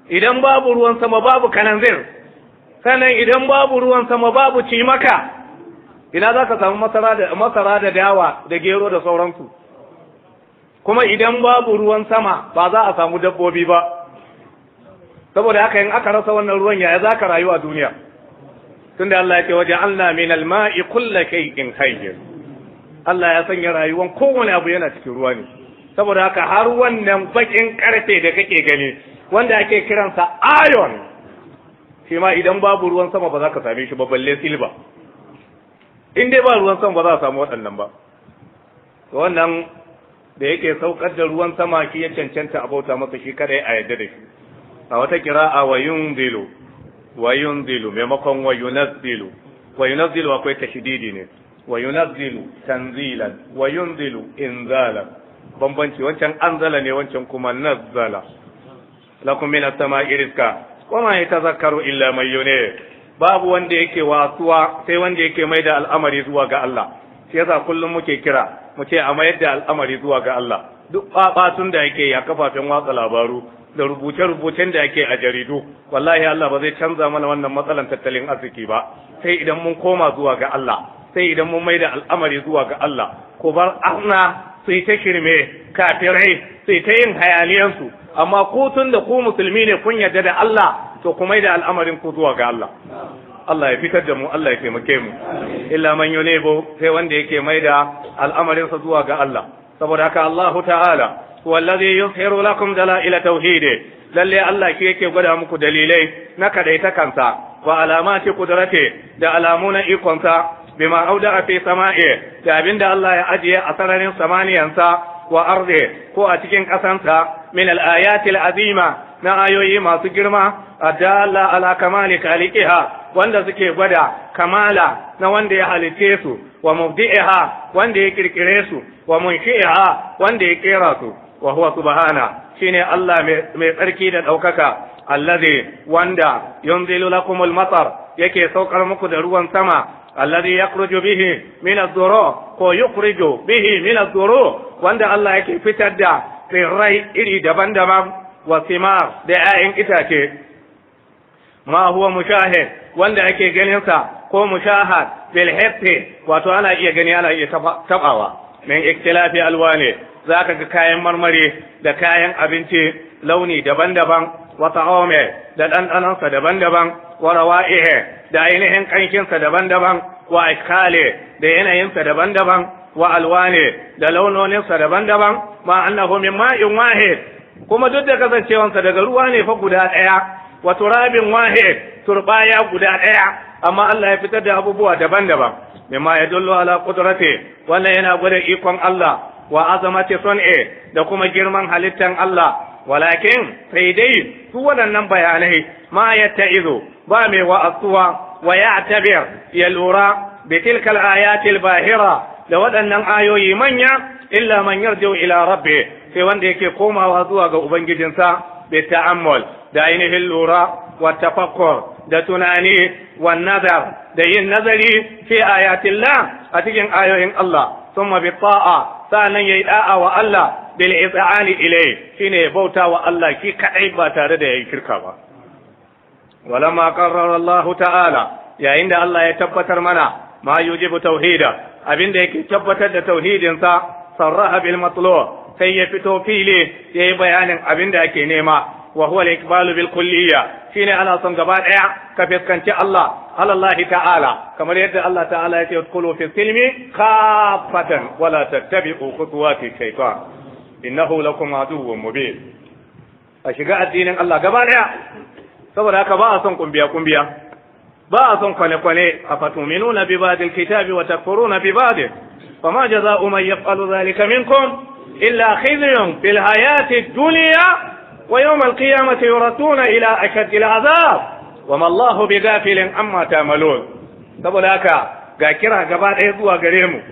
idan babu ruwan sama babu kananzir sannan idan babu ruwan sama babu cimaka ina za ka samu masara da dawa da gero da sauransu kuma idan babu ruwan sama ba za a samu dabbobi ba saboda haka in aka rasa wannan ruwan yaya za ka rayu a duniya tunda Allah ya wajen, waje Allah min al-ma'i kai in hayyin Allah ya sanya rayuwan kowane abu yana cikin ruwa ne saboda haka har wannan bakin karfe da kake gani wanda ake kiransa iron shi ma idan babu ruwan sama ba za ka same shi ba balle silba in dai ba ruwan sama ba za a samu waɗannan ba wannan da yake saukar da ruwan sama shi ya cancanta a bauta masa shi kadai a yadda da shi a wata kira'a wa zilu wa zilu maimakon wa zilu wa zilu akwai tashididi ne وينزل تنزيلا وينزل انزالا بمبنشي وانشان انزل ني وانشان كما نزل لكم من السماء رزقا وما يتذكر الا من ينيب babu wanda yake wasuwa sai wanda yake mai da al'amari zuwa ga Allah shi yasa kullum muke kira mu ce a mayar da al'amari zuwa ga Allah duk babatun da yake a kafafen watsa labaru da rubuce-rubucen da yake a jaridu wallahi Allah ba zai canza mana wannan matsalan tattalin arziki ba sai idan mun koma zuwa ga Allah sai idan mun maida al'amari zuwa ga Allah ku bar arna sai ta shirme kafirai sai ta yin hayaliyansu amma ku tun da ku musulmi ne kun yarda da Allah to ku maida al'amarin ku zuwa ga Allah Allah ya fitar da mu Allah ya taimake mu illa man yunebo sai wanda yake maida al'amarin sa zuwa ga Allah saboda haka Allahu ta'ala wallazi yuzhiru lakum dalaila tauhidi lalle Allah ke yake gwada muku dalilai na kadaita kansa wa alamati qudrati da alamuna ikonsa bima auda fi sama'i da abinda Allah ya ajiye a sararin samaniyansa wa ardi ko a cikin kasansa min al azima na ayoyi masu girma adalla ala kamali khaliqiha wanda suke gwada kamala na wanda ya halitte su wa mubdi'iha wanda ya kirkire su wa munshi'iha wanda ya kera su wa huwa subhana shine Allah mai tsarki da ɗaukaka. allazi wanda yunzilu lakumul matar yake saukar muku da ruwan sama alladhi yakhruju bihi min adh-dhuru ko yukhriju bihi min adh-dhuru wanda Allah yake fitar da tsirrai iri daban-daban wa simar da 'ya'yan itace ma huwa mushahid wanda ake ganin sa ko mushahad bil wato ana iya gani ana iya tabawa min ikhtilafi alwani zaka ga kayan marmari da kayan abinci launi daban-daban wa ta'ame da ɗanɗanonsa daban-daban wa rawa'ihe da ainihin kankinsa daban-daban wa iskale da yanayinsa daban-daban wa alwane da launoninsa daban-daban ma annahu min ma'in wahid kuma duk da kasancewansa daga ruwa ne fa guda ɗaya wa turabin wahid surɓaya guda ɗaya amma Allah ya fitar da abubuwa daban-daban mimma yadullu ala qudrati wannan yana gwada ikon Allah wa azamati sun'e da kuma girman halittan Allah walakin sai dai su waɗannan bayanai ma ya ba mai wa'azuwa wa ya tabir ya lura bi tilkal ayatil bahira da waɗannan ayoyi manya illa man yarjiu ila rabbi sai wanda yake komawa zuwa ga ubangijinsa bi ta'ammul da ainihin lura wa tafakkur da tunani wa nazar da yin nazari fi ayatillah a cikin ayoyin Allah thumma bi nan sa'annan yayi da'a wa Allah bil is'ani ilayhi shine ya bauta wa Allah ki kadai ba tare da yayi kirka ba walamma qarrara Allah ta'ala yayin da Allah ya tabbatar mana ma yujibu tauhida abinda yake tabbatar da tauhidin sa sarraha bil matlu sai ya fito fili yayi bayanin abinda ake nema وهو الإقبال بالكلية شيني أنا أصن قبال إع إيه؟ كفيت كنت الله على الله تعالى كما يد الله تعالى يدخلوا في السلم خافة ولا تتبعوا خطوات الشيطان إنه لكم عدو مبين أشقاء الدين الله قبال إع إيه؟ سبرا كبا أصن قنبيا قنبيا با أصن قني قني أفتؤمنون ببعض الكتاب وتكفرون ببعض فما جزاء من يفعل ذلك منكم إلا خزي في الحياة الدنيا ويوم القيامة يردون إلى أشد العذاب وما الله بغافل عما تعملون سبو لك قاكرة قبال إيقوة قريم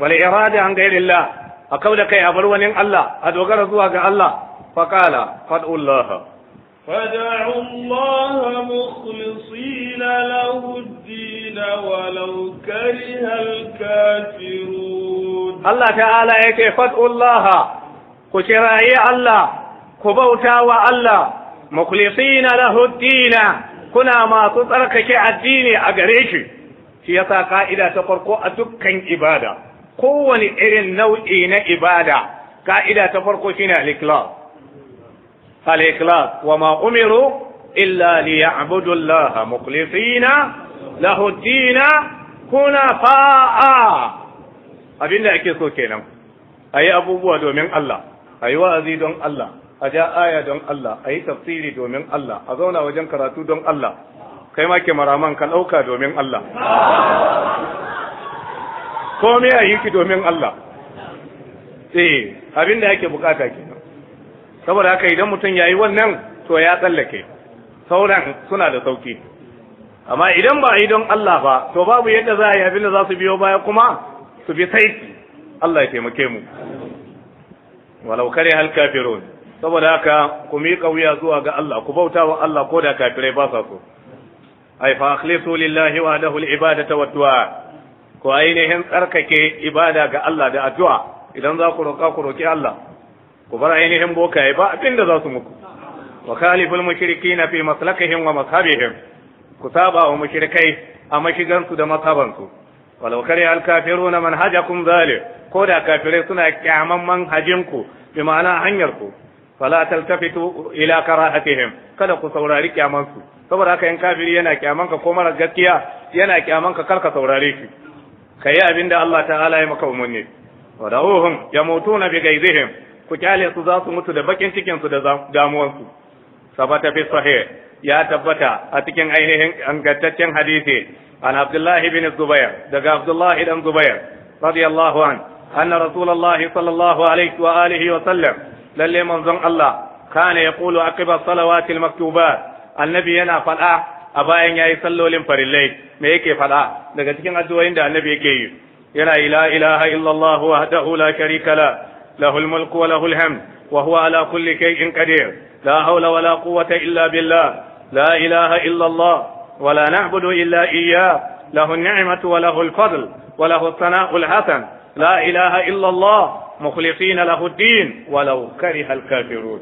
والإرادة عن غير الله أقولك يا أبروان الله أدو قرزوك الله فقال فدعوا الله فدعوا الله مخلصين له الدين ولو كره الكافرون الله تعالى يكي فدعوا الله قشرائي الله ku bauta wa Allah mukhlisina lahu dina kuna masu tsarkake addini a gare shi shi yasa ka'ida ta farko a dukkan ibada kowane irin nau'i na ibada ka'ida ta farko shine al-ikhlas al-ikhlas wa ma umiru illa liya'budu Allah mukhlisina lahu dina kuna fa'a abinda ake so kenan ayi abubuwa domin Allah ayi wa'azi don Allah a ja aya don Allah a yi tafsiri domin Allah a zauna wajen karatu don Allah kai ma ke maraman ka ɗauka domin Allah komai a yi ki domin Allah eh abin da yake bukata ke. saboda haka idan mutum ya yi wannan to ya tsallake sauran suna da sauki amma idan ba a yi don Allah ba to babu yadda za a yi abin da za su biyo baya kuma su bi saiti Allah ya taimake mu walau kare hal kafirun saboda haka ku miƙa wuya zuwa ga Allah ku bauta wa Allah ko da kafirai ba sa so ai fa akhlisu lillahi wa lahu al wa du'a ku ainihin tsarkake ibada ga Allah da addu'a idan za ku roƙa ku roƙi Allah ku bar ainihin bokaye ba abin da za su muku wa khaliful mushrikina fi maslakihim wa mazhabihim ku saba wa mushrikai a mashigansu da mazhabansu walau kare al-kafiruna manhajakum zalim ko da kafirai suna kyaman manhajinku bi ma'ana ku. ta fito ila karahatihim kada ku saurari kyaman su saboda haka yan kafiri yana kyaman ka ko mara gaskiya yana kar ka karka saurare shi kai abin da Allah ta'ala ya maka Ya wa da'uhum yamutuna bi ghaizihim ku kyale su za su mutu da bakin cikin su da damuwar su sabata fi sahih ya tabbata a cikin ainihin angantaccen hadisi an Abdullahi bin Zubair daga Abdullahi dan Zubair radiyallahu an anna rasulullahi sallallahu alaihi wa alihi wa sallam للي منظم الله كان يقول عقب الصلوات المكتوبات النبي ينا فلا أبا إن يصلوا لمفر الليل ما يكي فلا لقد كان الدوين ده النبي كي ينا إلا إله إلا الله وحده لا شريك له له الملك وله الحمد وهو على كل شيء قدير لا حول ولا قوة إلا بالله لا إله إلا الله ولا نعبد إلا إياه له النعمة وله الفضل وله الثناء الحسن لا إله إلا الله مخلصين له الدين ولو كره الكافرون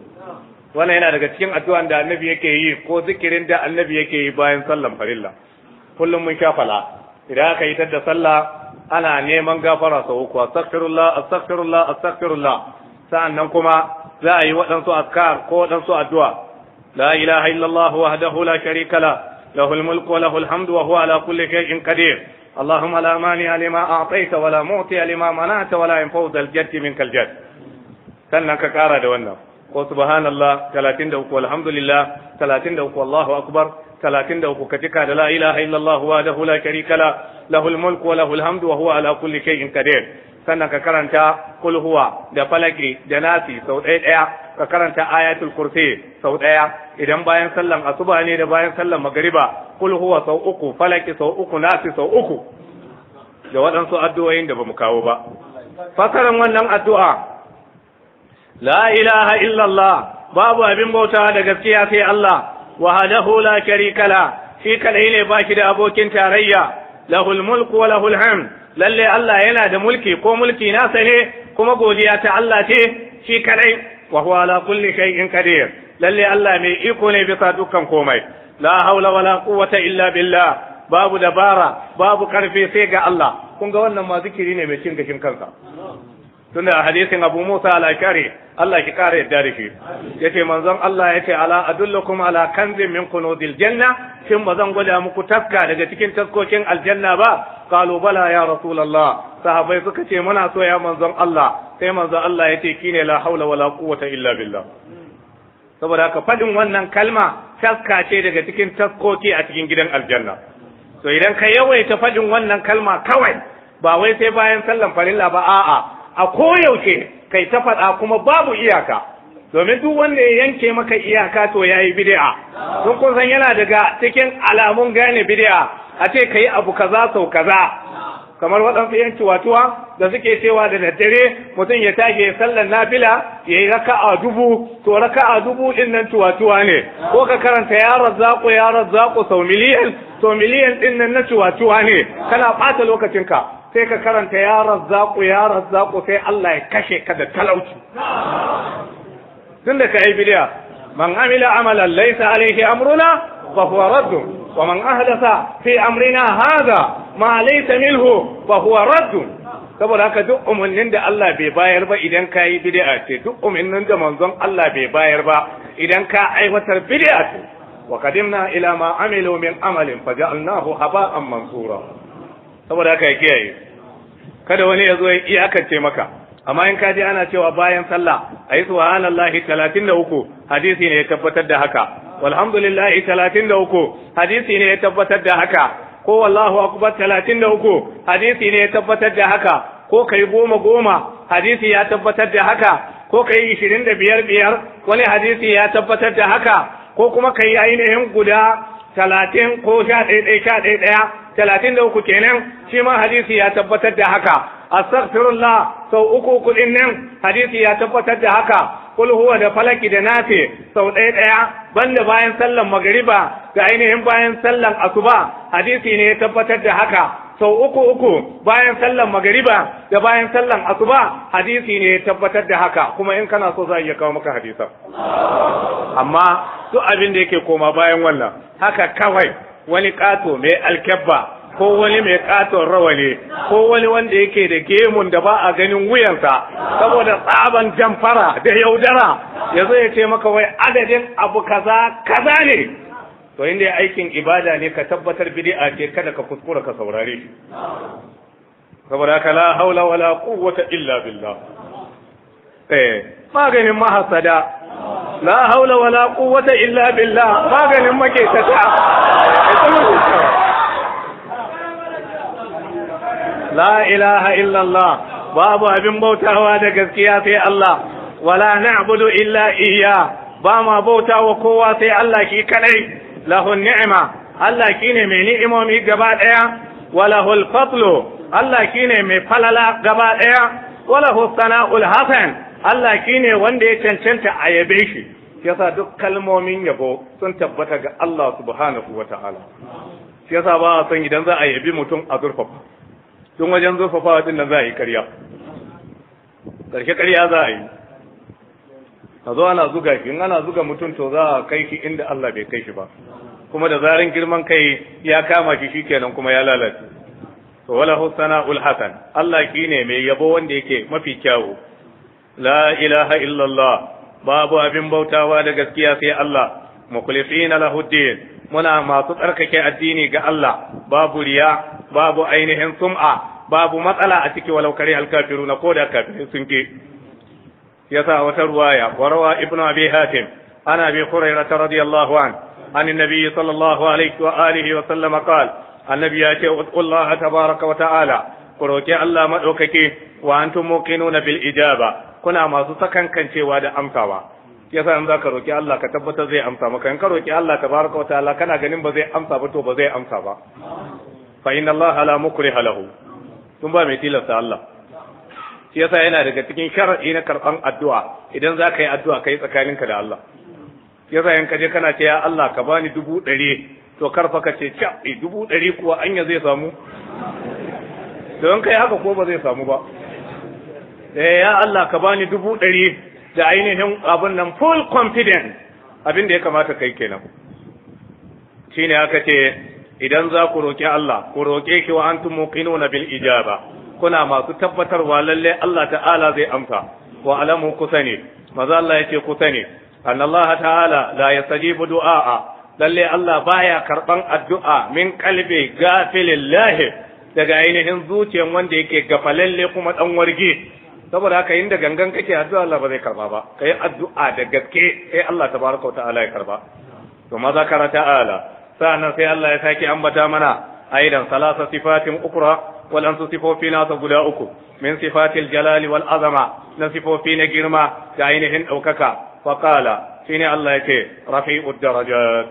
wannan yana daga cikin addu'an da annabi yake yi ko zikirin da annabi yake yi bayan sallan farilla kullum mun kafala idan aka yi da sallah ana neman gafara sau uku astaghfirullah astaghfirullah astaghfirullah sa'annan kuma za a yi waɗansu askar ko waɗansu addu'a la ilaha illallah wahdahu la sharika la lahul mulku wa lahul hamdu wa huwa ala kulli shay'in qadir اللهم لا مانع لما أعطيت ولا معطي لما منعت ولا ينفع ذا الجد منك الجد سنك كارا دوانا ko subhanallah 33 walhamdulillah 33 wallahu akbar 33 ka cika da la ilaha illallah wahdahu la sharika la lahul mulku wa lahul hamdu wa huwa ala kulli shay'in qadir sannan ka karanta kul da falaki da nasi sau ɗaya ɗaya ka karanta ayatul kursi sau ɗaya idan bayan sallan asuba ne da bayan sallan magariba kul huwa sau uku falaki sau uku nasi sau uku da waɗansu addu'o'in da bamu kawo ba fasaran wannan addu'a la ilaha illallah babu abin bauta da gaskiya sai Allah Wahadahu la sharika la shi kadai ne baki da abokin tarayya lahul mulku wa lahul hamd lalle Allah yana da mulki ko mulki nasa ne kuma godiya ta Allah ce shi kadai wa huwa ala kulli shay'in qadir lalle Allah ne iko ne bisa dukkan komai la haula wala quwwata illa billah babu dabara babu karfi sai ga Allah kun ga wannan ma zikiri ne mai cin gashin kansa tunda a hadisin Abu Musa al-Ashari Allah ki kara yadda da shi yace manzon Allah yace ala adullukum ala kanzin min kunuzil janna shin bazan gwada muku tafka daga cikin taskokin aljanna ba qalu bala ya rasulullah sahabbai suka ce muna so ya manzon Allah sai manzon Allah yace kine la haula wala quwwata illa billah saboda haka fadin wannan kalma taska ce daga cikin taskoki a cikin gidan aljanna to idan ka yawaita fadin wannan kalma kawai ba wai sai bayan sallan farilla ba a'a a koyaushe kai ta faɗa kuma babu iyaka domin duk wanda ya yanke maka iyaka to ya yi bid'a don kun san yana daga cikin alamun gane bid'a a ce ka yi abu kaza sau kaza kamar waɗansu yan ciwatuwa da suke cewa da daddare mutum ya tashi ya sallar nafila ya yi raka'a dubu to raka'a dubu din nan ciwatuwa ne ko ka karanta ya razzaku ya razzaku sau miliyan to miliyan din nan na ciwatuwa ne kana ɓata ka. sai ka karanta ya razzaku ya razzaku sai Allah ya kashe ka da talauci tunda kai bidiya man amila amalan laysa alayhi amruna fa huwa radd wa man ahdatha fi amrina hadha ma laysa minhu fa huwa radd saboda haka duk umarnin da Allah bai bayar ba idan ka yi bid'a ce duk umarnin da manzon Allah bai bayar ba idan ka aiwatar bid'a ce wa qadimna ila ma amilu min amalin faja'alnahu haba'an saboda haka ya kiyaye kada wani ya zo ya iyakance maka amma in kaji ana cewa bayan sallah ayi subhanallahi 33 hadisi ne ya tabbatar da haka walhamdulillahi 33 hadisi ne ya tabbatar da haka ko wallahu akbar 33 hadisi ne ya tabbatar da haka ko kai goma goma hadisi ya tabbatar da haka ko kai 25 biyar wani hadisi ya tabbatar da haka ko kuma kai ainihin guda talatin ko sha ɗaya ɗaya sha ɗaya ɗaya talatin da uku kenan shi ma hadisi ya tabbatar da haka astaghfirullah sau uku kuɗin nan hadisi ya tabbatar da haka kul huwa da falaki da nafi sau ɗaya ɗaya banda bayan sallan magariba da ainihin bayan sallan asuba hadisi ne ya tabbatar da haka sau uku uku bayan sallan magariba da bayan sallan asuba hadisi ne ya tabbatar da haka kuma in kana so za a iya kawo maka hadisan amma su abin da yake koma bayan wannan haka kawai wani kato mai alkebba ko wani mai katon rawale ko wani wanda yake da gemun da ba a ganin wuyansa saboda tsaban jamfara da yaudara ya zo ya ce maka wai adadin abu kaza kaza ne to inda aikin ibada ne ka tabbatar bid'a ce kada ka kuskura ka saurare shi saboda haka la haula wala quwwata illa billah eh maganin mahasada la haula wala quwwata illa billah maganin maketata la ilaha illa allah babu abin bautawa da gaskiya sai Allah wala na'budu illa iyya ba ma bautawa kowa sai Allah ki kadai lahun ni'ima Allah mai ni'imomi gaba ɗaya, walahul fadlu Allah mai falala gaba ɗaya, walahu sana'ul hasan Allah wanda ya cancanta a yabe shi yasa duk kalmomin yabo sun tabbata ga Allah subhanahu wataala shi yasa ba a san idan za a yabi mutum a zurfafa tun wajen zurfafa din nan za a yi ƙarya ƙarshe karya za a yi Ka zo ana zuga shi, in ana zuga mutum to za a kai shi inda Allah bai kai shi ba kuma da zarin girman kai ya kama shi shikenan kuma ya lalace to wala husana ul hasan Allah ne mai yabo wanda yake mafi kyawu la ilaha illallah babu abin bautawa da gaskiya sai Allah mukhlisina lahu din muna masu tsarkake addini ga Allah babu riya babu ainihin sum'a babu matsala a ciki walau kare alkafiruna ko da kafirai sun ke yasa wata ruwaya wa rawa ibnu abi hatim ana abi hurairah radiyallahu an عن النبي صلى الله عليه وآله وسلم قال النبي يأتي الله تبارك وتعالى قروكي الله مدوككي وأنتم موقنون بالإجابة كنا ما سسكن كان شيء وادا أمساوا yasa in zaka roki Allah ka tabbatar zai amsa maka in ka roki Allah tabaraka wa ta'ala kana ganin ba zai amsa ba to ba zai amsa ba tun ba mai tilasta Allah shi yasa yana daga cikin shar'i na karban addu'a idan za ka yi addu'a kai tsakaninka da Allah yasa in kaje kana ce ya Allah ka bani dubu ɗari to karfa ka ce ca eh, dubu ɗari kuwa anya zai samu don kai haka ko ba zai samu ba eh ya Allah ka bani dubu ɗari da ainihin abin nan full confidence abin da ya kamata kai kenan shine aka ce idan za ku roƙi Allah ku roƙe shi wa antum muqinuna bil ijaba kuna masu tabbatarwa lalle Allah ta'ala zai amsa wa alamu kusa ne maza Allah yake kusa ne annallaha ta'ala la yastajibu du'a lalle Allah baya karban addu'a min qalbi gafilillahi daga ainihin zuciyar wanda yake gafalalle kuma dan warge saboda haka inda gangan kake addu'a Allah ba zai karba ba kai addu'a da gaske sai Allah tabaraka wa ta'ala ya karba to maza kara ta'ala sa'annan sai Allah ya sake ambata mana aidan salasa sifatin ukra ولن تصفوا فينا تبلاؤكم من صفات الجلال والعظمة نصفوا فينا جرما دعينهن أوككا فقال فينا الله يكي رفيع الدرجات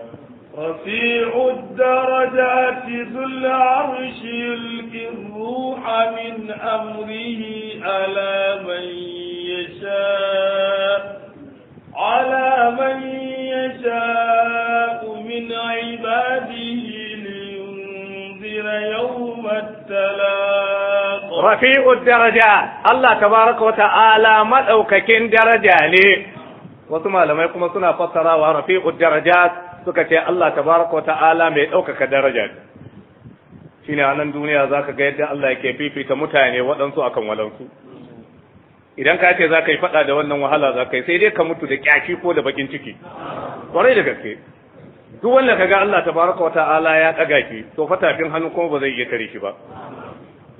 رفيع الدرجات ذو العرش يلقي الروح من أمره على من يشاء على من يشاء من عباده ينذر يوم التلاق رفيع الدرجات الله تبارك وتعالى مدوككين درجة لي وثم لما يقوم سنة فترة ورفيع الدرجات سكتي الله تبارك وتعالى مدوكك درجة shine a nan duniya za ka ga yadda Allah yake fifita mutane waɗansu akan waɗansu idan ka ce za ka yi faɗa da wannan wahala za ka yi sai dai ka mutu da ƙyashi ko da bakin ciki ƙwarai da gaske duk wanda kaga Allah tabaraka wa ta'ala ya daga ki to fa tafin hannu kuma ba zai iya tare shi ba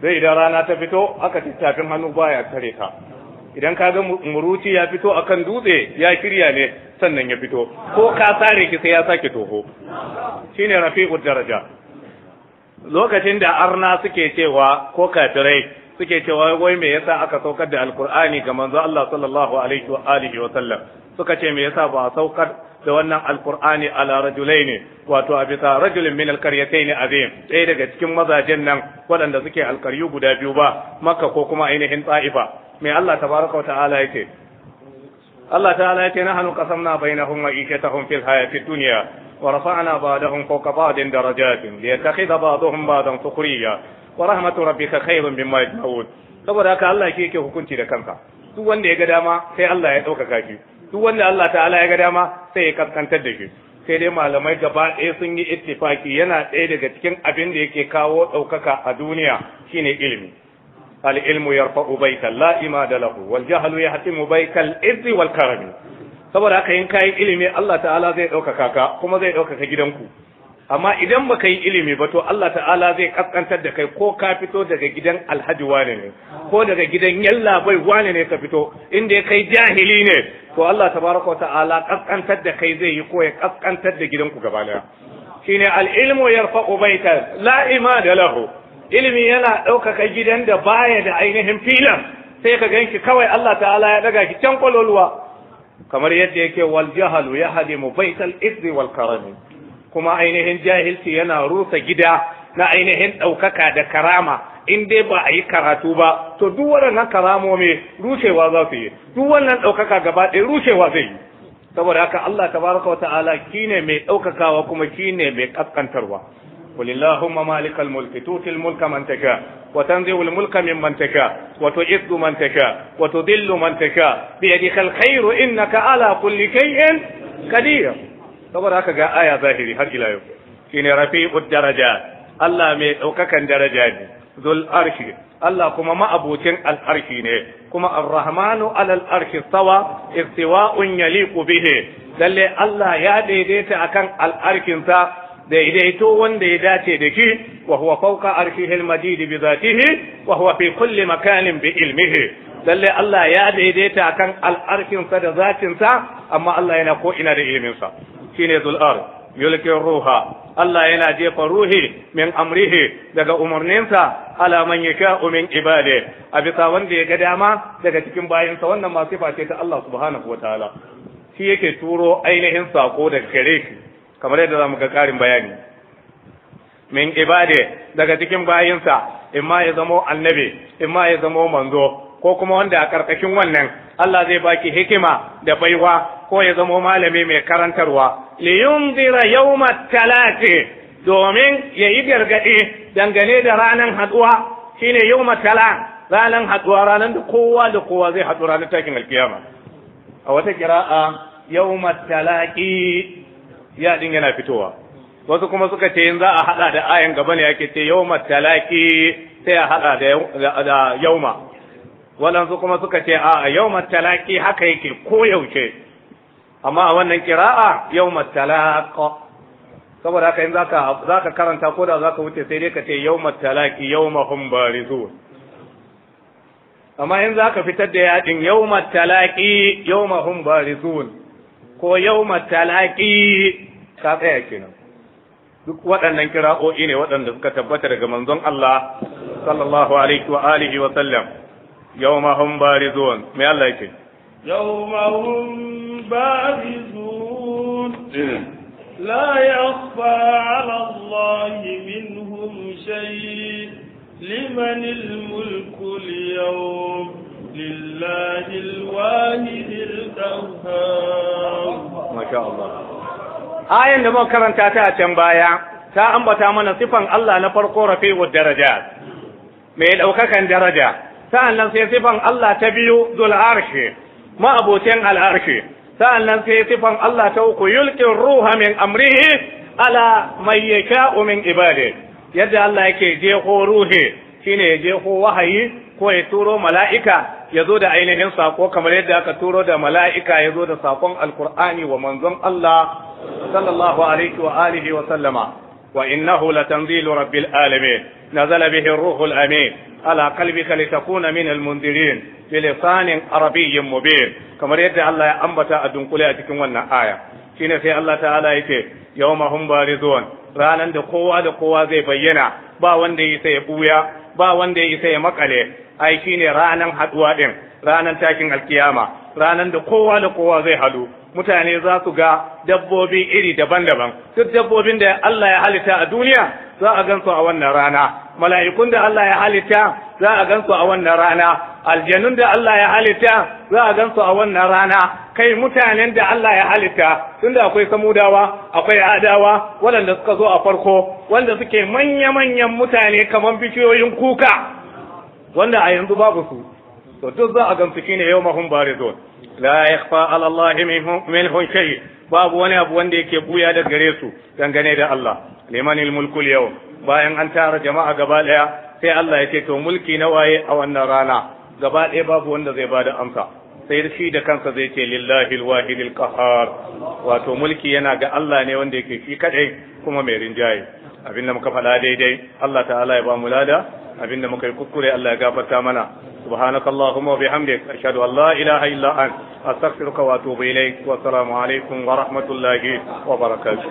zai idan rana ta fito aka ci tafin hannu baya tare ka idan ka ga muruci ya fito akan dutse ya kirya ne sannan ya fito ko ka sare ki sai ya sake toho shine rafi'ud daraja lokacin da arna suke cewa ko kafirai suke cewa wai me yasa aka saukar da alkur'ani ga manzo Allah sallallahu alaihi wa alihi wa sallam suka ce me yasa ba saukar da wannan alkur'ani ala rajulaini wato a bisa rajulin min a azim ɗaya daga cikin mazajen nan waɗanda suke alkaryu guda biyu ba makka ko kuma ainihin ta'ifa me Allah tabaraka wa ta'ala yake Allah ta'ala yake nahnu qasamna bainahum ma'ishatahum fil hayati dunya ورفعنا بعضهم فوق بعض درجات ليتخذ بعضهم بعضا سخريا wa rahmatu rabbika khairun mimma yajma'un saboda haka Allah ke yake hukunci da kanka duk wanda ya ga dama sai Allah ya dauka kaki. duk wanda Allah ta'ala ya ga dama sai ya kaskantar da shi sai dai malamai gaba ɗaya sun yi ittifaki yana ɗaya daga cikin abin da yake kawo ɗaukaka a duniya shine ilimi al-ilmu yarfa'u baita la imada lahu wal jahlu yahtimu al izzi wal karami saboda haka in kayan ilimi Allah ta'ala zai ɗaukaka kaka kuma zai ɗaukaka gidanku amma idan baka yi ilimi ba to Allah ta'ala zai kaskantar da kai ko ka fito daga gidan alhaji wane ne ko daga gidan yalla bai wane ne ka fito inda ya kai jahili ne to Allah tabaraka ta'ala kaskantar da kai zai yi ko ya kaskantar da gidanku gaba daya shine al-ilmu yarfa'u baita la imada lahu ilimi yana ɗaukaka gidan da baya da ainihin filan sai ka ganki kawai Allah ta'ala ya daga ki can kwalolwa kamar yadda yake wal jahalu yahdimu baital izzi wal karami kuma ainihin jahilci yana rusa gida na ainihin ɗaukaka da karama in dai ba a yi karatu ba to duk waɗannan karamomi rushewa za su yi duk wannan ɗaukaka gaba ɗaya rushewa zai yi saboda haka Allah tabaraka wa ta'ala shine mai ɗaukakawa kuma shine mai kaskantarwa قل اللهم مالك الملك تؤتي الملك من تشاء وتنزع الملك ممن تشاء وتعز من تشاء وتذل من تشاء بيدك الخير انك على كل شيء قدير saboda haka ga aya zahiri har ila yau shine rafi'u daraja Allah mai ɗaukakan daraja ne zul arshi Allah kuma ma'abocin al'arshi ne kuma arrahmanu rahmanu alal arshi sawa istiwa'un yaliqu bihi lalle Allah ya daidaita akan al'arkinsa daidaito wanda ya dace da shi wa huwa fawqa arshihi al-majid bi wa huwa fi kulli makanin bi ilmihi lalle Allah ya daidaita kan al'arfinsa da zatinsa amma Allah yana ko ina da iliminsa shine zul ar yulkin ruha Allah yana jefa ruhi min amrihi daga umarninsa ala man yasha'u min ibade a bisa wanda ya ga dama daga cikin bayansa wannan ma sifa ce ta Allah subhanahu wataala shi yake turo ainihin sako daga gare shi kamar yadda zamu ga karin bayani min ibade daga cikin bayinsa imma ya zamo annabi imma ya zamo manzo ko kuma wanda a karkashin wannan Allah zai baki hikima da baiwa ko ya zamo malami mai karantarwa li yunzira yawma talati domin ya yi gargaɗi dangane da ranar haɗuwa shine yawma tala ranar haɗuwa ranar da kowa da kowa zai haɗu ranar takin alkiyama a wata kira'a yawma talaki ya din yana fitowa wasu kuma suka ce yin za a haɗa da ayan gaba ne yake ce yawma talaki sai a hada da da waɗansu kuma suka ce a yau talaki haka yake ko yaushe amma a wannan kira'a yau talaka saboda haka in za ka karanta ko da za ka wuce sai dai ka ce yau talaki yau mahum barizu amma in za ka fitar da yaɗin yau talaki yau mahum barizun ko yau talaki ka tsaya kenan duk waɗannan kira'o'i ne waɗanda suka tabbata daga manzon Allah sallallahu alaihi wa alihi wa sallam yawma hum zuwan, mai Allah yake yawma hum barizun la yakhfa ala Allah minhum shay liman al-mulku lillahi al-wahid al Allah ayan da muka karanta ta a can baya ta ambata mana sifan Allah na farko rafi'ud darajat mai daukakan daraja nan sai sifan Allah ta biyu zul arshi ma'abucin Sa'an nan sai sifan Allah ta uku yulkin ruha min amrihi ala mai ya min ibada. yadda Allah yake jeho ruhi shine ya jeho wahayi ko ya turo mala'ika ya zo da ainihin sako kamar yadda aka turo da mala'ika ya zo da sakon alkur'ani wa manzon Allah sallallahu alaihi wa alihi wa sallama wa innahu latanzilu rabbil alamin نزل به الروح الأمين على قلبك لتكون من المنذرين بلسان عربي مبين كما a الله أنبت cikin وانا آية shine sai Allah ta'ala yace yawma hum barizun ranan da kowa da kowa zai bayyana ba wanda ya isa ya buya ba wanda ya isa ya makale aiki ne ranar haduwa din ranan takin alkiyama ranan da kowa da kowa zai halu mutane za su ga dabbobi iri daban-daban duk dabbobin da Allah ya halitta a duniya za a gansu a wannan rana mala'ikun da Allah ya halitta za a gansu a wannan rana aljanun da Allah ya halitta za a gansu a wannan rana kai mutanen da Allah ya halitta tunda akwai samudawa akwai adawa waɗanda suka zo a farko wanda suke manya-manyan mutane kamar bishiyoyin kuka wanda a yanzu babu su to duk za a gamsuki ne yau mahun barizon la yakhfa ala Allah minhum shay babu wani abu wanda yake buya da gare su dangane da Allah limanil mulkul yau bayan an tara jama'a gaba daya sai Allah ya ce to mulki na waye a wannan rana gaba daya babu wanda zai bada amsa sai shi da kansa zai ce lillahi alwahidil qahar wato mulki yana ga Allah ne wanda yake shi kadai kuma mai rinjaye abin da muka faɗa daidai Allah ta'ala ya ba mu lada abinda muka yi kuskure Allah ya gafarta mana subhanakallahumma wa bihamdik ashhadu an la ilaha illa ant astaghfiruka wa atubu ilaik wa assalamu alaikum wa rahmatullahi wa barakatuh